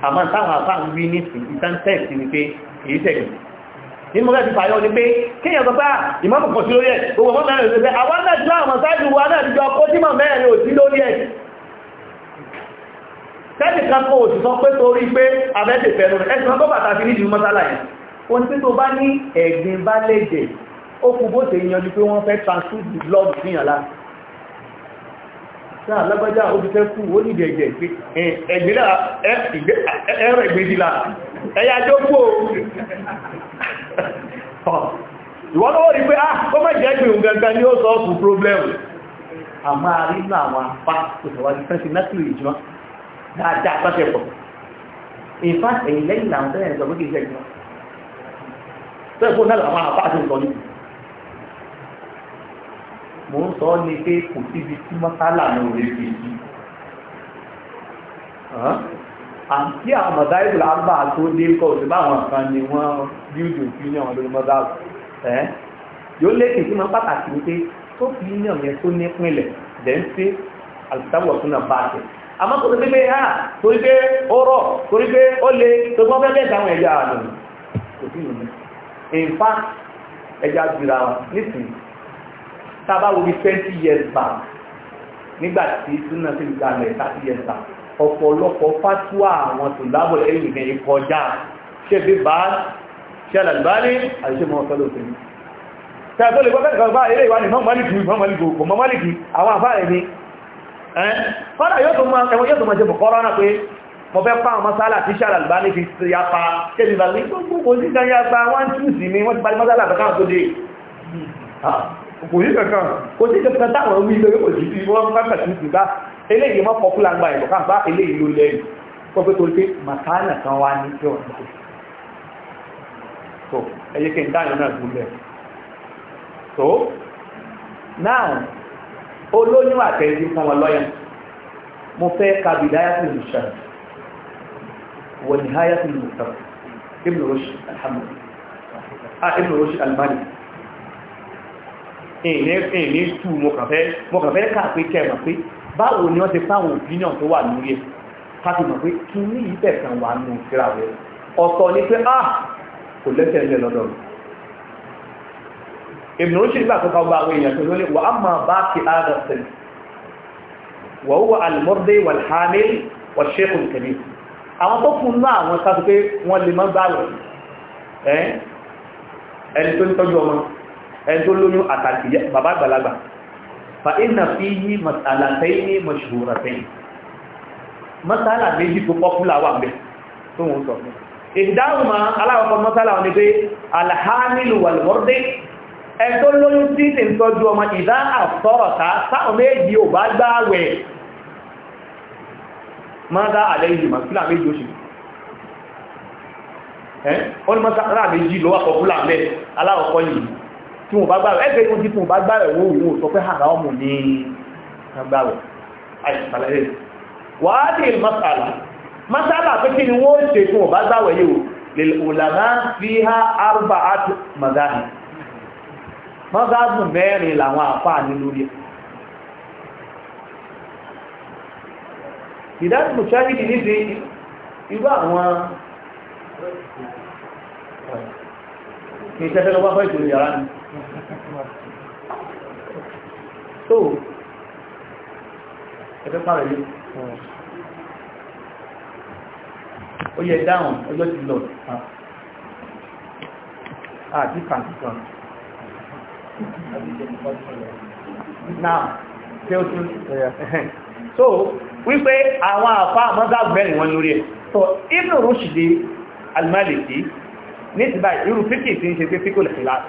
àmọ́ táwọn àfáà ń wí ní ìtàntẹ́ẹ̀sì ni pé èyí tẹ̀lé ní mọ́gá ti fàyọ́ ní pé kíyàn tó bá ah, ìmọ́mù kan sí lórí ẹ̀ gbogbo mọ́ mẹ́rin òṣèlú àwọn náà jọ àwọn sáájú wa náà jọ kó tí mọ̀ mẹ́rin ò sí lórí ẹ̀ tẹ́lì kan kó òsì sọ pé torí pé abẹ́tẹ̀ fẹ́nu ẹ̀sùn tó bàtà sí nídìí mọ́sálà yìí o ní tó bá ní ẹ̀gbìn bá lẹ́jẹ̀ ó kú bó ṣe yanjú pé wọ́n fẹ́ transfer the blood fihàn láti sáà lágbájá obìtẹ́ kú ó ní ìdẹ̀ẹ̀dẹ̀ pé ẹ̀gbìnà ẹ̀rọ ìgbèdìlà ẹ̀yà tó kú o ìwọ́n lọ́wọ́ rí pé ah kọ́mọ̀ jẹ́ gbìyàn gangan ni ó sọ ọ́pù problem a máa rí náà àwọn apá òṣèwádìí fẹ́sì nátìlì ìjọ dáadáa pàṣẹpọ̀ in fact ẹ̀yìn lẹ́yìn làwọn tẹ́lẹ̀ sọ pé kìí sẹ́gbọ́n tẹ́lẹ̀ fún náà àwọn mò ń sọ ni pé kò síbi tí mọ́sálà náà ò lè fi yí àti àwọn mọ̀dáìbù lágbà tó dé kọ́ òṣèlú àwọn kan ni wọ́n bíúdì òfin ní àwọn lórí mọ́sálà ẹ́ yóò lékè sí máa pàtàkì wípé tó fi ní ọ̀yẹ́ tó ní pínlẹ̀ dẹ́ńsí àtìsáwọ̀ fún náà bá tẹ̀ àmọ́ kò sí pé ha ah, torí pé ó rọ̀ torí pé ó le tó gbọ́n fẹ́ bẹ́ẹ̀ dáhùn ẹ̀yà àdùn kò sí ìlú in ẹja jìra nísìnyí tábà wo bí twenty years back nígbà tí súnà sí ìgbàlẹ̀ thirty years back ọ̀pọ̀lọpọ̀ fatuwa àwọn tó lábọ̀ ẹ̀yìn ní ìkọjá ṣẹ́bí bá ṣẹlẹ̀lbárí àìṣẹ́mọ̀ ọ̀fẹ́lófin tẹ́ẹ̀tọ́ lè gbọ́gbẹ́ ìgbàgbà ilé ìwà ní mọ́mọ́lìkì mọ́mọ́lìkì kò mọ́mọ́lìkì àwọn àfáà ẹ̀mí ẹ́n fọ́nà yóò tó máa jẹ́ bọ̀kọ́rọ́ náà pé mo fẹ́ pàwọn mọ́sálà tí ṣàlàlùbá ní fi ya pa tẹ́bí bá ní gbogbo sí kan ya gba wọ́n tún sí mi wọ́n ti parí mọ́sálà tó káà tó dé kò kankan kò sí kankan táwọn wí lórí kò sí bí wọ́n bá kàtí ti bá eléyìí mọ́ pọ́pùlà gba ìlú bá eléyìí ló lẹ́yìn kó pé pé màkánà kan wá ní tí wọ́n ti so ẹyẹ kí n dáyọ̀ náà gúnlẹ̀ so now olóyún àtẹ̀yí fún wọn lọ́yàn mo fẹ́ kàbìdáyà sí ìlúṣà wọ̀nyí háyà sí èèní tù mọ́kànfẹ́ kà pé kẹ́ mọ̀ pé báwo ni wọ́n ti fáwọn opinion tó wà lórí ẹ̀ káfí mọ̀ pé kí ní ibẹ̀ kan wà nù síra rẹ̀ ọ̀tọ̀ ni pé ah kò lẹ́sẹ̀ ńlẹ̀ lọ́dọ̀ mi ìbìnrin ó ṣe nígbà tó kọgbà ẹni tó ń tọ́jú ọmọ ẹni tó lóyún àtàkì bàbá àgbàlagbà fa iná fi yí mas'alatayn ní mashhuratayn mas'ala méjì tó pọ́pùlà wà mẹ́ tó wọ́n sọ ìdáhùnmá aláwọ̀kọ́ mas'ala wọn ni pé alhamilu walmurdi ẹni tó lóyún tí ti ń tọ́jú ọmọ ìdá àtọ́rọ̀ta sáwọn méjì ò bá gbáwẹ̀ mọ́dá àlẹ́yìn mas'ala méjì lọ́wọ́ pọ̀pùlà mẹ́ aláwọ̀kọ́ yìí tí wọ́n bá gbàwẹ̀ ẹgbẹ́ ìwọ̀n tí wọ́n bá gbàwẹ̀ wọ́n wọ́n sọ pé hàrá ọmọ ní gbàwẹ̀ àìsàlẹ̀ wàá dì masala masala pé kí ni wọ́n ṣe tí wọ́n bá gbàwẹ̀ yìí lil ulama fiha arba'at mazahib mọ́sáàbù mẹ́rin làwọn àfáà ní lórí ẹ̀ ìdájú mùsáàbìdì fẹ́ ìṣòro yàrá ni tó ẹgbẹ́ pàrẹ̀ yìí ó yẹ dáhùn ọjọ́ ti lọ àti kàǹtìkan náà tí ó tún so wípé àwọn àfá àmọ́dá gbẹ̀rìn wọn lórí ẹ̀ so Ibn Rushdi al-Maliki ní ti báyìí irú fíkì tí ń ṣe pé fíkò lè fi láti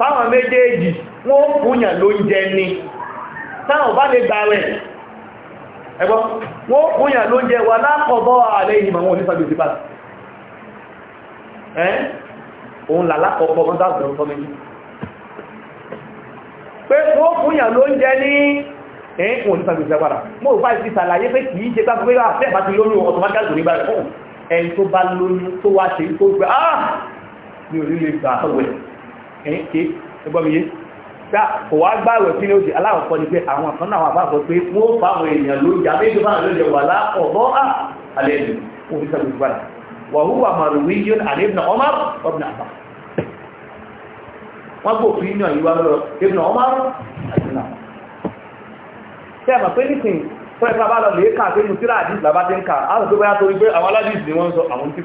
fáwọn méjèèjì wọ́n fúnyàn ló ń jẹ ní táwọn bá lè gbà ẹgbọ́ wọ́n fúnyàn ló ń jẹ wà lápọ̀bọ́ ààrẹ ìhìmọ̀ wọn onífàgbé sí pàtàkì ẹ́ òun làlápọ̀pọ̀ wọ́n dáàbò ọkọ̀ méjì pé wọ́n fúnyàn ló ń jẹ ní ẹ̀yìn kún onífàgbé sí ẹ̀yìn tí ẹgbọ́mìyé gbá kò wá gbáwẹ̀ sí ní aláwọ̀kọ́ ni pé àwọn kan náà wà bá sọ pé wọ́n fáwọn èèyàn ló jà méjì fáwọn ló jẹ wà lápọ̀ alẹ́ ìlú òfin sẹ́gun gbára wà húwà màrùwí yón àlẹ́ ibn Umar ibn àbá wọ́n gbò fi yàn yíwá lọ ibn Umar àti náà tẹ́ ẹ̀ mọ̀ pé nísìn tó ẹ̀ka bá lọ lè kà ni wọ́n sọ àwọn tí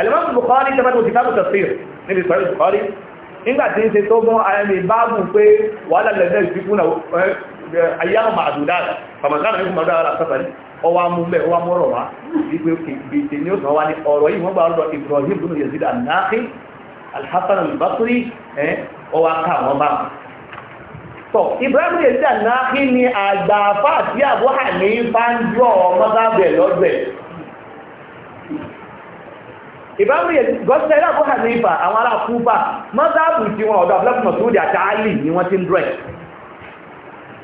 alimọ́sù Bukhari tẹ́bẹ̀tẹ̀ òtìkábù tafsir níbi sọ̀rọ̀ Bukhari nígbà tí ń ṣe tó mọ́ ayami báàbù pé wàhálà lẹ́gbẹ́ ìsìnkú na ayyáhùn màdùdá fàmàdánà ní fàmàdánà ara sáfàrí ọwá mú mẹ́ ọwá mọ́rọ̀ wá wípé gbèsè ní òsàn wá ní ọ̀rọ̀ yìí wọ́n bá ọ̀rọ̀ Ibrahim bin Yazid an-Naqi al-Hasan al-Basri ọwá ká wọn bá ìbáṣẹ́ ìlàbọ̀ hanifa àwọn ará kúfà mọ́sáàbù tí wọn ọ̀dọ̀ abúlẹ́kùnmọ̀ bụ àti àálì ni wọ́n ti ń dúrẹ̀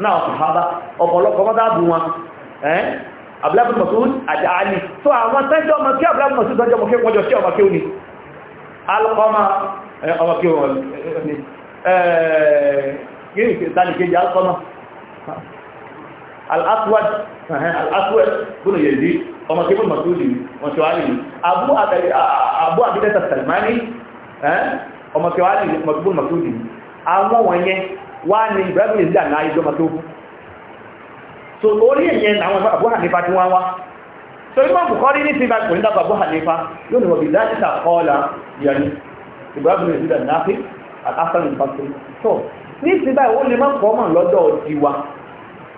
náà sàhábà ọ̀pọ̀lọpọ̀ mọ́sáàbù wọn ẹ́n abúlẹ́kùnmọ̀ al-aswad al-aswad bùnú yẹ̀dí ọmọ kébùn masudi wọn ṣe wá ní abu abidata salmani ọmọ kẹwàá ní magbùn masudi àwọn wọ̀nyẹn wá ní ibrahim yẹ̀dí àná ìjọ masofu so orí ẹ̀yẹn àwọn abu hanifa tí wọ́n wá so imam bukhari ní sinba kò ní dábà abu hanifa yóò ní wọ́n bí láti ta kọ́ọ̀lá yẹ̀ni ibrahim yẹ̀dí àná al-hasan al-basri so ní sinba ìwọ́n lè má kọ́ mọ̀ lọ́dọ̀ tiwa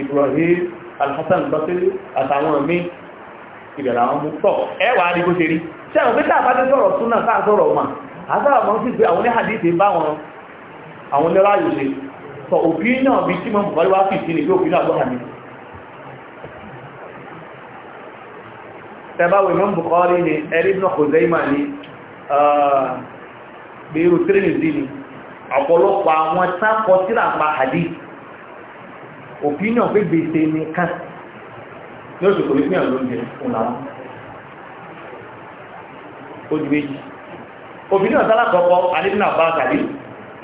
Ibrahim Al-Hasan Basri àtàwọn míì ìbẹ̀rẹ̀ àwọn mú tọ̀ ẹwà ní bó ṣe rí ṣẹ́wọ̀n pé táà bá tẹ́ sọ̀rọ̀ súnà sáà sọ̀rọ̀ ọmọ àtàrà mọ́ sí pé àwọn oníhàdíìsì bá wọn àwọn oníráyò ṣe sọ òbí náà bí tí mọ́ bùkárí wá fìsí ní pé òbí náà gbọ́nà mi tẹ́báwé mọ́ ni opinion pé gbèsè nìkan ní oṣù kò ní pín àwọn oúnjẹ fún làwọn ojú méjì opinion sálà kọ́kọ́ àdébìnà bá tàbí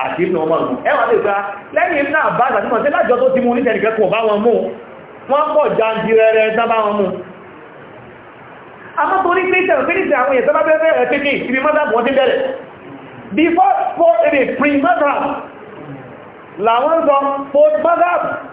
àti ìbìnà ọmọ ọdún ẹwà lè gba lẹ́yìn ìbìnà bá tàbí mọ̀ sí lájọ tó ti mú oníṣẹ́ nìkan kò bá wọn mú wọ́n pọ̀ jáǹdì rẹ̀rẹ̀ tán bá wọn mú àmọ́ torí pé ìṣẹ̀rù pé níṣẹ́ àwọn èèyàn tó bá bẹ́ẹ̀ rẹ̀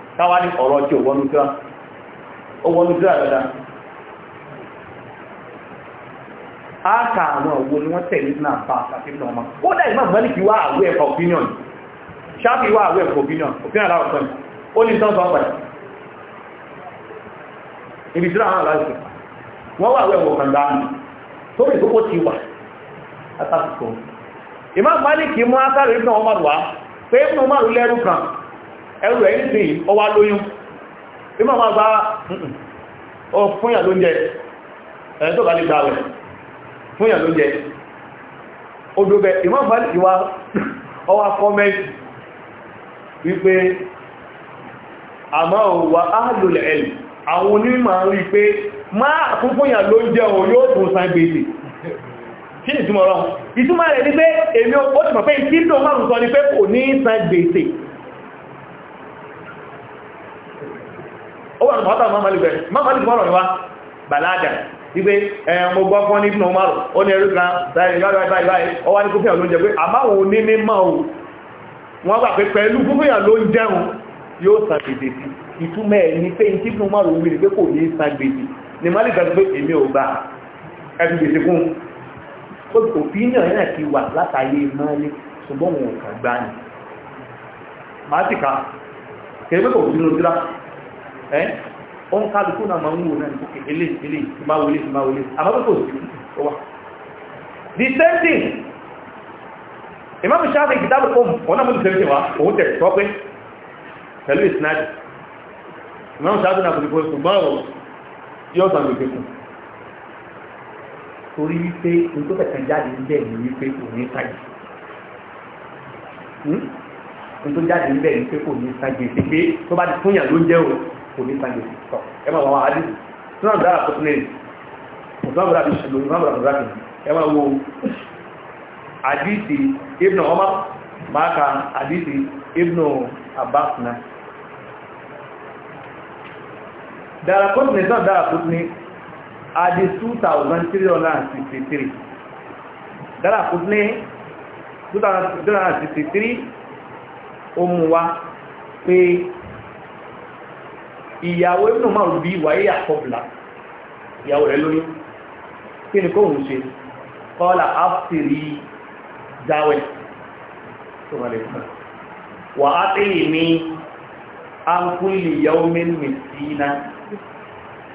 táwa ní ọ̀rọ̀ tí ò wọnú tíra ó wọnú tíra dáadáa á ka àwọn òwò ni wọ́n tẹ̀lé náà bá àti ìlú ọmọ ó dá ìmọ̀ ìmọ̀lì fi wá àwẹ̀ ẹ̀kọ́ opinion ṣáàfi wá àwẹ̀ ẹ̀kọ́ opinion opinion aláwọ̀ sọ́ni ó ní sọ́n sọ́n pẹ̀lú ibi tíra àwọn aláìsí wọ́n wà àwẹ̀ ẹ̀kọ́ kan dáa tó rí ti wà látàkùkọ́ ìmọ̀ ìmọ̀lì kì mú ákàrí ìbùnà ọmọ rùwá pé ìbùnà ọmọ rù lẹ́rù kan ẹrù ẹni sí ọwá lóyún bí máa máa bá fúnyà ló ń jẹ ẹni tó bá lè gbàwẹ̀ fúnyà ló ń jẹ odò bẹ ìmọ̀ bá ìwà ọwá fọ́mẹ́sì wípé àmọ́ òwà áàlùlẹ̀ ẹ̀lì àwọn onímọ̀ ń rí pé máa fún fúnyà ló ń jẹ òun yóò tún san gbèsè kí ni ìtumọ̀ rọ̀ ìtumọ̀ rẹ̀ ní pé èmi ó ti mọ̀ pé ìtí wà ní mọ́tà máa malik bẹ̀rẹ̀ máa malik mọ́rọ̀ ni wá bàláàdà wípé ẹ̀yàn mo gbọ́ fún ní ibùnà umaru ó ní ẹrú kan báyìí báyìí báyìí báyìí ọwá ní kúfíà ló ń jẹ pé àmáwọn oní mímọ́ o wọ́n gbà pé pẹ̀lú kúfíà ló ń jẹun yóò san gbèdè sí ìtumọ̀ ẹ̀ ní pé ní ibùnà umaru wí ni pé kò ní san gbèdè ni malik gbà pé èmi ò gbà ẹ̀sùn gbèsè fún un òpínìyàn náà ti wà látàyè malik ṣùgbọ́n kò sínú síra ẹ́ ó ń kálukú náà máa ń wò náà ilé ilé ìmá wọlé ìmá wọlé àbábọ́kọ̀ sí ó wà the same thing imam shafi kitabu kom wọn náà mú ti tẹ́lẹ̀ wa òun tẹ̀ sọ pé pẹ̀lú ìsinadi imam shafi náà kò ní kó ṣùgbọ́n yóò sàn lè fún torí wípé ní tó kẹ̀kẹ́ jáde níbẹ̀ ní wípé kò ní sáyé hmm? ní tó jáde níbẹ̀ ní pé kò ní sáyé pé tó bá ti fún ló ń jẹ́ òun kò ní sáyé tọ ẹ máa wọn adé sínú àdá àkọsílẹ̀ ọ̀sán àbúrò àti ṣẹlẹ̀ ọ̀sán àbúrò àbúrò àti ẹ máa wo àdìsí ibn ọmọ máa ka àdìsí ibn abbas náà Daraqutni sọ Daraqutni àdìsí 2363 Daraqutni 2363 ó mú wa pé ìyàwó ibùdó máa rú bí ìwáyé àkọ́bùlà ìyàwó rẹ̀ lóyún kí ni kóhùn ṣe kọ́lá áfìrí dáwẹ̀ tó wà lè fún wà á tẹ́yì ní áńkúlì yàwó mẹ́rin síná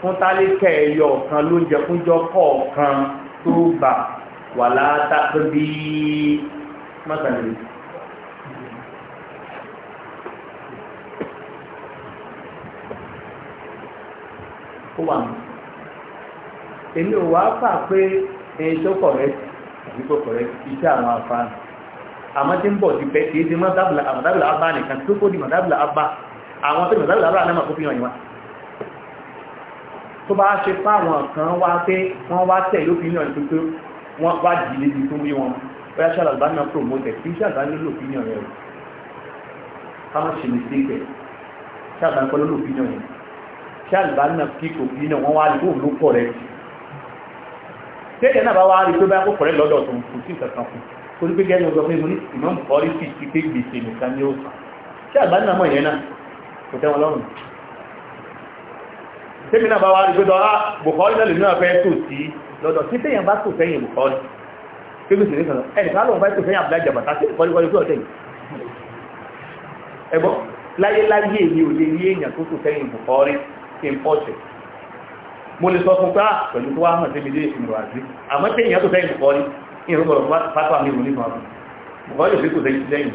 fún tálíkẹ̀ ẹyọ kan ló jẹ fúnjọ kọ̀ọ̀kan tó gbà wà látàkì bí mọ́tàlẹ́sì ó wà mọ́ èmi ò wá fà pé ẹni tó kọ̀rẹ́ àbí tó kọ̀rẹ́ iṣẹ́ àwọn afáàní àmọ́ tí ń bọ̀ ti pẹ́ kì í mọ́tàbílà abá nìkan tó kó di mọ́tàbílà abá àwọn tó mọ́tàbílà abá náà kó fi hàn ìwà tó bá ṣe fáwọn kan wá pé wọ́n wá tẹ̀ ló fi hàn tuntun wọ́n wá dì níbi tó wí wọn bóyá ṣe àlàbá náà promote kì í ṣe àgbá nílò fi hàn rẹ̀ ká má ṣe mistake ṣe àgbá nípa lólò fi hàn ṣàlùbá náà kí kò fi náà wọ́n wá rí òun ló pọ̀ rẹ̀ tẹ́lẹ̀ náà bá wá rí tó bá kọ̀kọ̀ rẹ̀ lọ́dọ̀ tó ń kù sí kankan fún torí pé gẹ́gẹ́ ọgbọ́n fún mi ìmọ̀ ń kọ́ rí sí ti pé gbèsè nìkan ní òsàn ṣàlùbá náà mọ̀ yẹn náà kò tẹ́wọn lọ́rùn tẹ́mi náà bá wá rí pé dọ́ra bùkọ́rí náà ah, lè náà fẹ́ tò sí lọ́dọ̀ tí tẹ́yàn bá tò sẹ́yìn bùkọ́rí pé gbèsè nìkan ẹnì kí n pọ̀ṣẹ̀ mo lè sọ fún pé ah, pẹ̀lú tó wá hàn sí mi dé ìmọ̀ àti àmọ́ tí èèyàn tó fẹ́ ìmọ̀ kọ́rí ìrọ̀gbọ̀rọ̀ pátá mi ìròyìn kan bùkọ́ yóò fi kò sẹ́yìn lẹ́yìn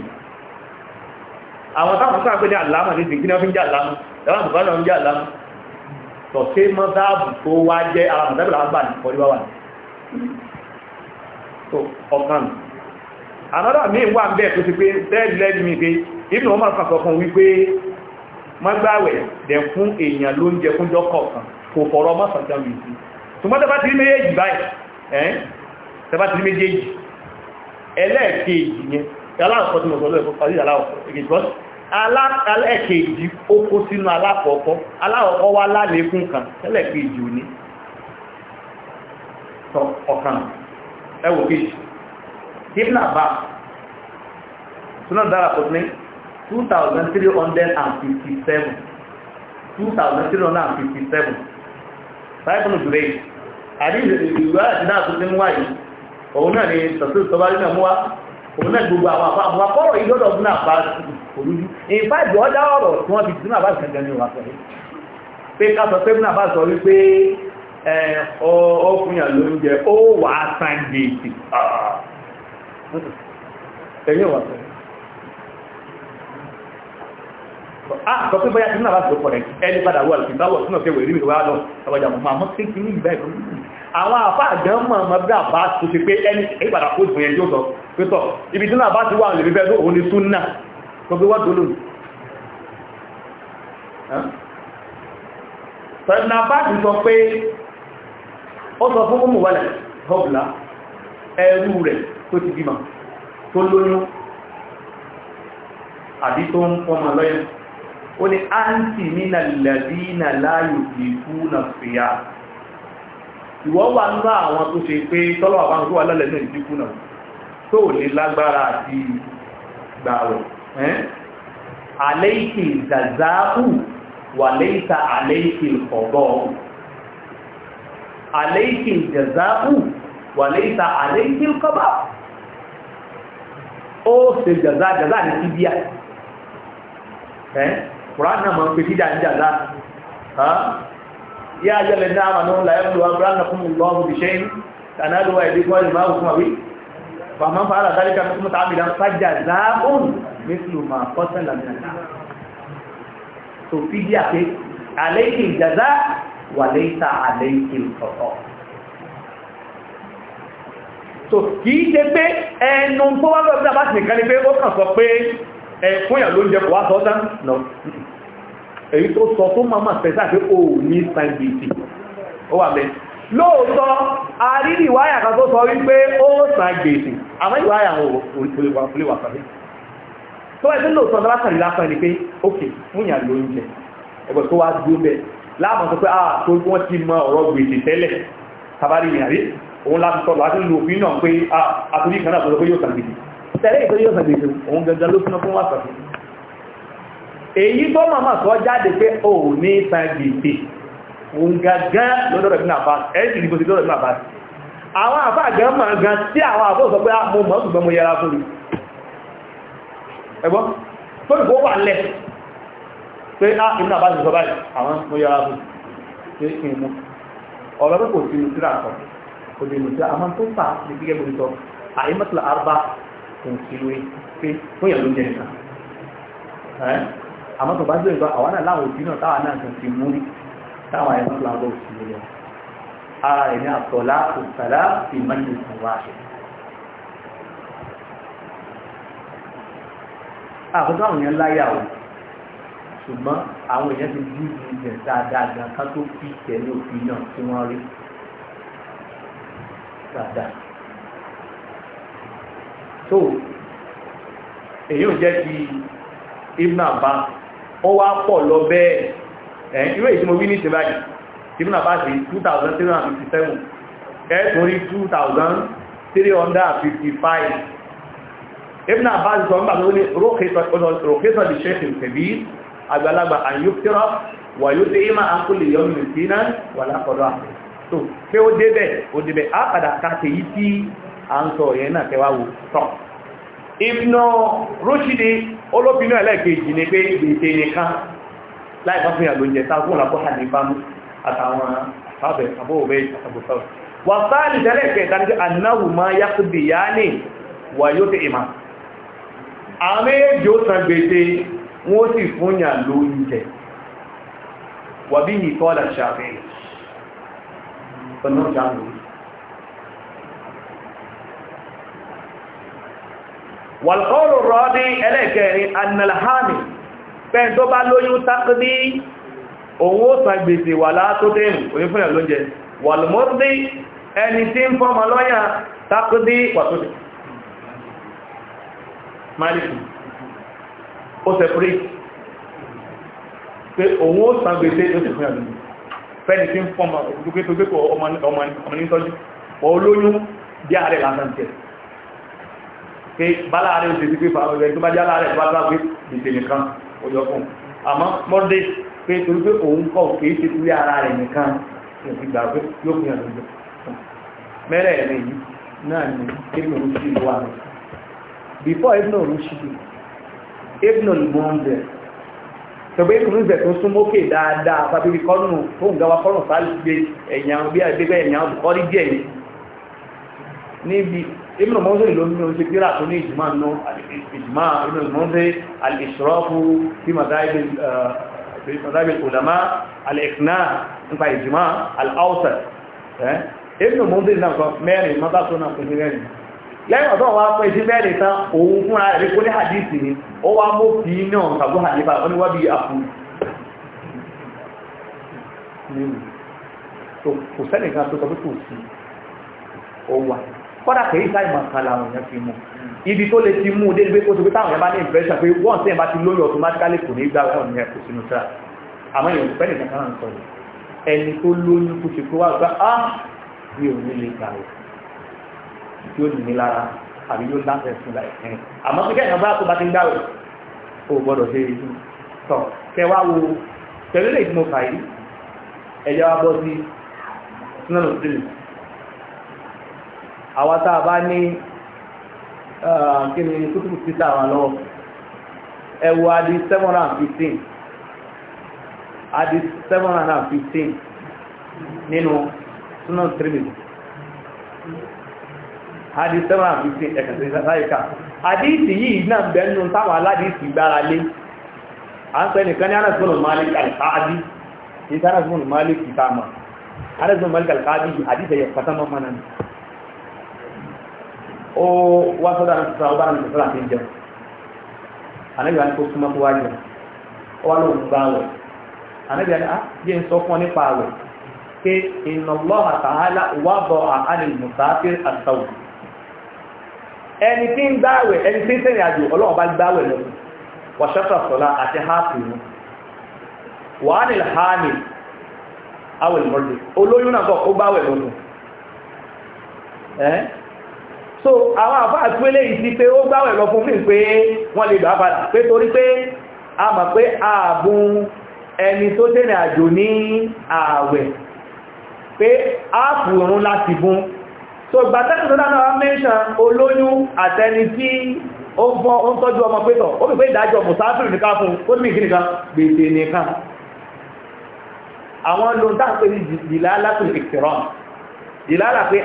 àwọn táwọn sáà pé ní àlámà ní ìdíkí náà wà so ọkàn another mi wà ń bẹ́ẹ̀ tó ti pé third leg mi pé ibùdó wọn máa kàn wípé mọ́gbàwẹ̀ dẹ̀ fún èèyàn ló ń jẹ fúnjọ́ kọ̀ọ̀kan kò fọ̀rọ̀ mọ́sànkán wì sí ṣùgbọ́n tẹ́bá ti rí méjèèjì báyìí ẹ́n tẹ́bá ti rí méjèèjì ẹlẹ́ẹ̀kejì yẹn aláàkọ́ tí mo sọ lọ́ẹ̀kọ́ parí aláàkọ́ ẹlẹ́ẹ̀kejì ó kó sínú aláàkọ́kọ́ aláàkọ́ wá lálékún kan ẹlẹ́ẹ̀kejì ò ní ọ̀kan ẹwọ̀ kejì ibn Abbas sunan dára kò 2357 2357 sáyẹ́kùnù jùlẹ̀ àdíjìwá àti náà tó ti ń wáyé òun náà ni sọ̀tún sọ̀bárí náà mú wá òun náà gbogbo àwọn àpá àwọn akọ́rọ̀ ìgbọ́dọ̀ fún àpá olújú in fact ọjá ọ̀rọ̀ tí wọ́n fi sínú àbá ìsẹ̀jẹ̀ ní wà sọ pé ká sọ pé múnàbá sọ wípé ọkùnrin àlóúnjẹ ó wà á sàn gbèsè ẹ̀yìn wà sọ̀rọ̀ Ah, sọ pé bóyá tìǹbà láti lòpọ̀ rẹ̀ ẹni padà wà lùsìn báwọ̀ sínú ọ̀fẹ́ wẹ̀rí ìwà lọ ọjà mọ̀ àmọ́ tí kì í bẹ́ẹ̀ fún àwọn àfá àjọ mọ̀ ọmọ bí àbá tó ṣe pé ẹni ìpadà kó jù yẹn yóò sọ pé tọ̀ ibi tí náà bá ti wà lè fi bẹ́ẹ̀ tó òun ni súnà tó fi wá dolo sọ̀rọ̀nà bá ti sọ pé ó sọ àbí tó ń fọmọ lọ́yẹ̀ ó ní áǹtì nínà lẹ́dínà láàyò ìkú nà fìyà ìwọ wà ń bá àwọn tó ṣe pé tọ́lọ̀ àwọn tó wà lọ́lẹ̀ náà ìdíkù náà tó lè lágbára àti gbàwẹ̀ àléìkì zàzáàkù wà léìta àléìkì ó ṣe jàzá jàzá ní kíbíà Quran náà mọ̀ pé dídà ń jà láà yá ajẹ́lẹ̀ ní àwọn àwọn làyẹ̀bùlù Quran náà fún lọ́wọ́ bí ṣẹ́yìn tànàlù wà ìdíkọ́ ìmá òkú àwí fàmà ń fàálà dáríkà fún mọ́ta àmì ìdáhùn sájà záàbùn mísìlù mà kọ́sẹ̀ làmìnà tó fi dí àpé àlẹ́kì ìjàzá wà lẹ́ta àlẹ́kì ìtọ̀tọ̀ tó kìí ṣe pé ẹnu tó wá lọ́gbọ́n àbáṣe nìkan ni pé ó kàn sọ pé ẹ̀kúnyà ló ń jẹ kò wá sọ dá nà èyí tó sọ fún mama pẹ̀sà pé o ní sàǹgbèsì ó wà bẹ́ẹ̀ lóòótọ́ àrírí ìwáyà kan tó sọ wípé ó sàǹgbèsì àmọ́ ìwáyà wọn ò lè wà sàbẹ̀ tó ẹgbẹ́ lóòótọ́ ọ̀dọ́ látàrí lásán ni pé ókè fúnyà ló ń jẹ ẹgbẹ́ tó wá dúró bẹ́ẹ̀ láàmọ̀ sọ pé a ah, tó wọ́n ti mọ ọ̀rọ̀ gbèsè tẹ́lẹ̀ tabari ìyàrí òun láti sọ lọ́wọ́ àti lòfin náà pé ah, àtúrí kan náà sọ pé yóò sàǹgbèsì tẹ́lẹ̀ ìtọ́jú yóò sàgbèsè òun gangan ló súnmọ́ fún wàsàkì èyí tó màmá sọ jáde pé ò ní sàgbèsè òun gangan lọ́dọ̀ rẹ̀ nínú àbá ẹ̀yìn ìdìbò sí lọ́dọ̀ nínú àbá àwọn àbá gan mọ̀ gan tí àwọn àbó sọ pé ah, mo mọ̀ ṣùgbọ́n mo yẹra fún mi ẹ̀gbọ́n tó ìfowó wà lẹ̀ pé á inú àbá ti sọ báyìí àwọn mo yẹra fún pé kí òǹkìlúwé pé fóyà ló jẹ nìkan àmọ́ tó bá jẹ́ ìgbà àwọn náà láwọn òbí náà táwà náà tó ti mú táwà ẹ̀mọ́ tó lágbọ́ òsì lọ ara rẹ̀ ní àtọ̀lá òsàlá ìmọ̀lẹ̀ ìsànwá ṣe àkókò àwọn èèyàn láyà o ṣùgbọ́n àwọn èèyàn ti dí ìjẹ̀ dáadáa so èyí ò jẹ́ ti Ibn Abbas ó wá pọ̀ lọ bẹ́ẹ̀ ẹ̀ irú èyí tí mo wí ní ìsìnbáyìí Ibn Abbas sí 2357 ẹ̀ẹ́tùn rí 2355 Ibn Abbas sọ nígbà tó ní rókèsọ̀ di ṣẹ́kì tẹ̀bí àgbàlagbà àyíkírọ̀ wà yóò tẹ́ ìmá àkúlè yọ́mìnì sínú wà lápọ̀lọ́ à ń sọ yẹn náà kẹwàá wò tán Ibn Rushdi olóbinú ẹlẹ́ẹ̀kejì ni pé gbèsè nìkan láì bá fún ìyàlò jẹ sáfún làbọ́ àdìbámú àtàwọn àbẹ̀ àbọ̀wẹ̀ àtàbọ̀sáwọ̀ wà sáàlì tẹ́lẹ̀ kẹta ní anáwù ma yá kú bì yá ní wà yóò tẹ́ ìmá àwọn méjì ó san wàlùkọ́ọ̀lù rọ́ọ̀dí ẹlẹ́kẹrin annalhami pẹ́ tó bá lóyún tákìdí òun ó san gbèsè wà látó dẹ́mù onífúnnà lóúnjẹ wàlùmọ́dí ẹni tí ń fọ́mọ lọ́yà tákìdí pàtódì maliki ó sẹ̀fúrí pé òun ó san gbèsè onífúnnà lóúnjẹ fẹ́ni pé bálá rẹ̀ òṣèlú pé fàwọn ẹgbẹ́ tó bá jálá rẹ̀ bá bá pé ìṣẹ̀lẹ̀ kan ó yọ fún un àmọ́ mọ́dé pé torí pé òun kọ̀ kìí ṣe torí ara rẹ̀ nìkan ìfi gbà pé yóò fi hàn lójú mẹ́rẹ̀ rẹ̀ yìí náà ni ibn rushdi wà rẹ̀ before ibn rushdi ibn al-munzir tọ́gbẹ́ ibn rushdi tó sún mókè dáadáa fàbíbi kọ́nù tó ń gawa kọ́nù fàálì gbé ẹ̀yàn bí i ẹ̀yàn bùkọ́rí díẹ̀ níbi ibn mọ́sílì ló nínú ṣe gíra tó ní ìjìmá nù ìjìmá ibn mọ́sílì al-israfu fi madáyé uh, ulama al-iqna nípa ìjìmá al-awsat eh? ibn mọ́sílì náà sọ mẹ́rin mọ́tà tó náà pẹ̀lú mẹ́rin lẹ́yìn ọ̀dọ́ wa pẹ́ sí mẹ́rin tán òun fúnra rẹ̀ kó ní hadisi ni ó wá mọ́ fi náà tàbí hadifa ó ní wá bí àpò kò sẹ́nìkan tó sọ pé kò sí ó wà kọ́dà kìí sáì mọ̀ kan làwọn èèyàn fi mú ibi tó lè ti mú un débi pé ó ti pé táwọn èèyàn bá ní impression pé wọ́n sẹ́yìn bá ti lóyún automatically kò ní gbà wọ́n yẹn kò sínú sáà àmọ́ èèyàn fẹ́ nìkan kan sọ yìí ẹni tó lóyún kó ṣe kó wá gbá á ah, mi ò ní lè gbà rẹ̀ yóò ní mi lára àmọ́ pé kẹ́yìn bá ń gbà é tọ̀ kẹ wá wo àwa tá a bá ní kí ni kútùbù títà wà lọ ẹ wo adi seven hundred and fifteen adi seven hundred and fifteen nínú súnà tìrìmìtì adi seven hundred and adi ẹ̀kẹ́ sí sáyíká àdíìsì yìí náà bẹ̀ẹ́nu táwọn aládìísì gbára lé a ń pẹ́ nìkan ní anasmọ́nù malik alkaadi ní anasmọ́nù malik ìtàmà anasmọ́nù malik alkaadi àdíìsì ẹ̀yẹ̀ pátámọ́ mọ́nà ni ó wá sọ́dọ̀ àwọn sọ́dọ̀ ọba àwọn sọ́dọ̀ àti ìjẹun ànábìyà ni kò súnmọ́ kó wáyé ó wá lóun bụ àwẹ̀ ànábìyà ni á yé ń sọ fún ọ nípa àwẹ̀ pé inna Allaha ta'ala wà bọ̀ àhálì musafir àtàwù ẹni tí Anyị gbáwẹ̀ ẹni tí ń sẹ́rìn anyị ọlọ́wọ́ bá gbáwẹ̀ lọ wàṣọ́sọ̀ sọ́lá àti háàpù wọn wàá nílẹ̀ háàmì awẹ̀ lọ́dẹ olóyún náà bọ̀ so àwọn àfáà tí wélé yìí sí pé ó gbáwẹ̀ lọ fún fún pé wọ́n lè gbà padà pé torí pé a mọ̀ pé ààbùn ẹni tó tẹ́rẹ àjò ní ààwẹ̀ pé áàpù òun láti bún so gbàtẹ́kù tó dáná mẹ́ṣàn olóyún àtẹni tí ó fọ́ ó ń tọ́jú ọmọ pétọ̀ ó fi pé ìdájọ́ mùsáfìrì nìkan fún ó ní ìgbìnìká gbèsè nìkan àwọn lóun táàpẹ́ ní ìlà látòlè kìrọ̀nù ìlàlà pé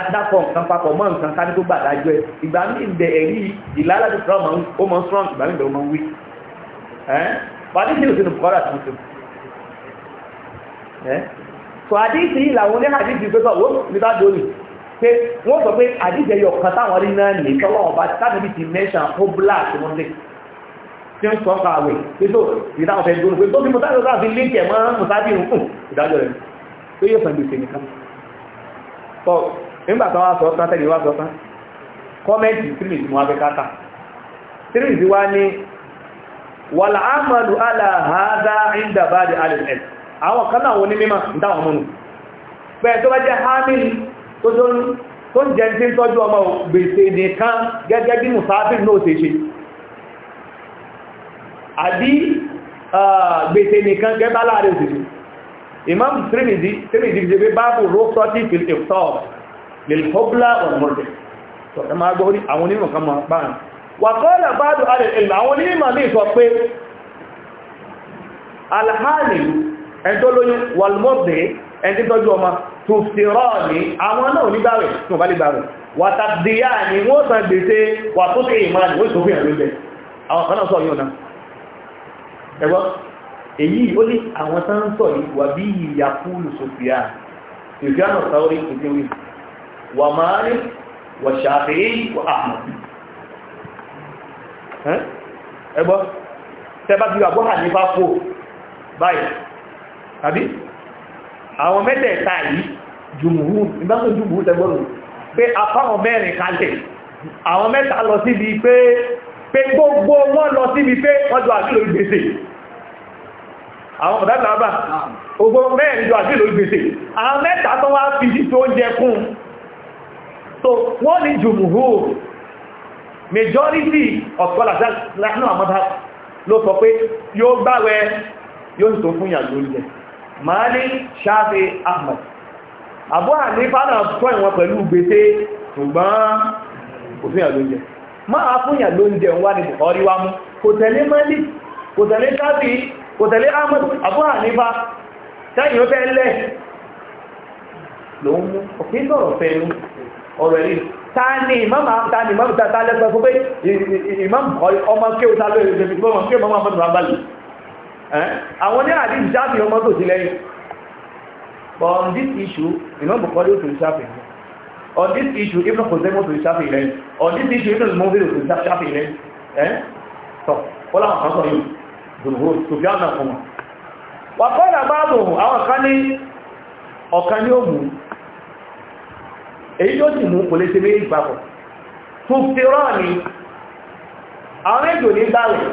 adápọ̀ nǹkan papọ̀ mọ́ nǹkan ká ní tó gbà dájọ́ ẹ̀ ìgbà ní ìbẹ̀ ẹ̀rí ìlàlà tó sọ́rọ̀ ó mọ́ strong ìgbà níbẹ̀ ó mọ́ weak ẹ́n fàdíṣì òsínú bukọ́rà tó tó ẹ́n tó àdíṣì yìí làwọn oníhà àdíṣì pé wọ́n ní bá dóòlì pé wọ́n sọ pé àdíṣì ẹyọ kan táwọn rí náà ní tọ́wọ́ ọba tábìlì ti mẹ́ṣàn ó blá tó wọ́n lé tí ń sọ́kà àwẹ̀ pé tó ìdáhùn fẹ́ dóòlì pé tọ́ nígbà tán wá sọ tán tẹ́lẹ̀ wá sọ tán kọ́mẹ́ntì tírì mú abẹ́kátà tírì sí wá ní wàlá ámàlù aláhàádá ìdàbádì alìsẹ̀t àwọn kanáà wọn ní mímọ̀ ìdáwọn múnù pẹ̀ẹ̀ tó bá jẹ́ hamil tó ń jẹ́ tí ń tọ́jú ọmọ gbèsè musafir náà ṣe ṣe àbí gbèsè nìkan gẹ́gbá láàrin Imam Tirmidhi Tirmidhi je be babu rukhsati fil iftar lil hubla wal murdi to ta ma gori àwọn nínú kan ma ban wa qala ba'du ahli ilm àwọn ni ma ni sọ pé al halil en tó lóyún wal murdi en tí tọ́jú ọmọ tuftirani àwọn náà ni bawe tún bá bawe wa tabdiyani wọ́n san gbèsè wa tuti imani wọ́n sọ fi an lebe àwọn kan sọ yun na èyí ó lé àwọn tán ń sọ yìí wà bí ìyàkúlù sofia sofia náà sáwọ́rí kò tí wí wà Malik wà Shafi'i wà Ahmad ẹgbọ́ tẹbá bí àgbọ́ Hanifa fò báyìí àbí àwọn mẹ́tẹ̀ẹ̀ta yìí jùmùhù ìbáṣọ jùmùhù tẹgbọ́rù pé apáwọn mẹ́rin kalẹ̀ àwọn mẹ́ta lọ síbi pé gbogbo wọn lọ síbi pé wọ́n jọ àgbẹ̀lẹ̀ gbèsè àwọn ọ̀dádàbà ogbó mẹ́rin jọ àti ìlú gbèsè àwọn mẹ́ta tó wá fi sí tó jẹ kún so wọ́n ni jùmùhù majority of scholars láàrín àmọ́dá ló sọ pé yóò gbáwẹ̀ yóò tó fún ìyà ló jẹ maali shafi ahmad abu hanifa náà tọ́ ìwọ̀n pẹ̀lú gbèsè ṣùgbọ́n kò fún ìyà ló jẹ máa fún ìyà ló jẹ wá ní bukhari wá mú kò tẹ̀lé malik kò tẹ̀lé shafi kò tẹ̀lé ahmed abu hanifa tẹ́yìn ó fẹ́ lẹ́ lòun mú òfin sọ̀rọ̀ fẹ́ mú ọ̀rọ̀ ẹ̀rí tani imam tani imam tata lẹ́gbẹ̀ẹ́ fún pé imam ọmọ kéwù ta lórí ìjẹ̀bí fún ọmọ kéwù mọ́mọ́ mọ́tò rábàlì àwọn ní àdí ìjábì ọmọ tó sí on this issue imam bukhari ó tó ìṣàfì on this issue ibn kuzemo tó ìṣàfì lẹ́yìn on this issue ibn mufid tó ìṣàfì lẹ́yìn ẹ́ tọ́ ó láwọn kan sọ you. jùmùhúrù tó fún wọn wà kọ́lá àwọn ní ọ̀kan ní òmù èyí sì mú kò lè ṣe méjì papọ̀ tó fi rán ni àwọn méjì ní gbàwẹ̀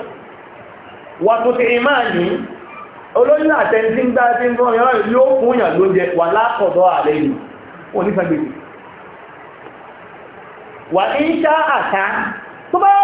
wà tó fi ìmáà ní olóyún àtẹni ń gbá tí ń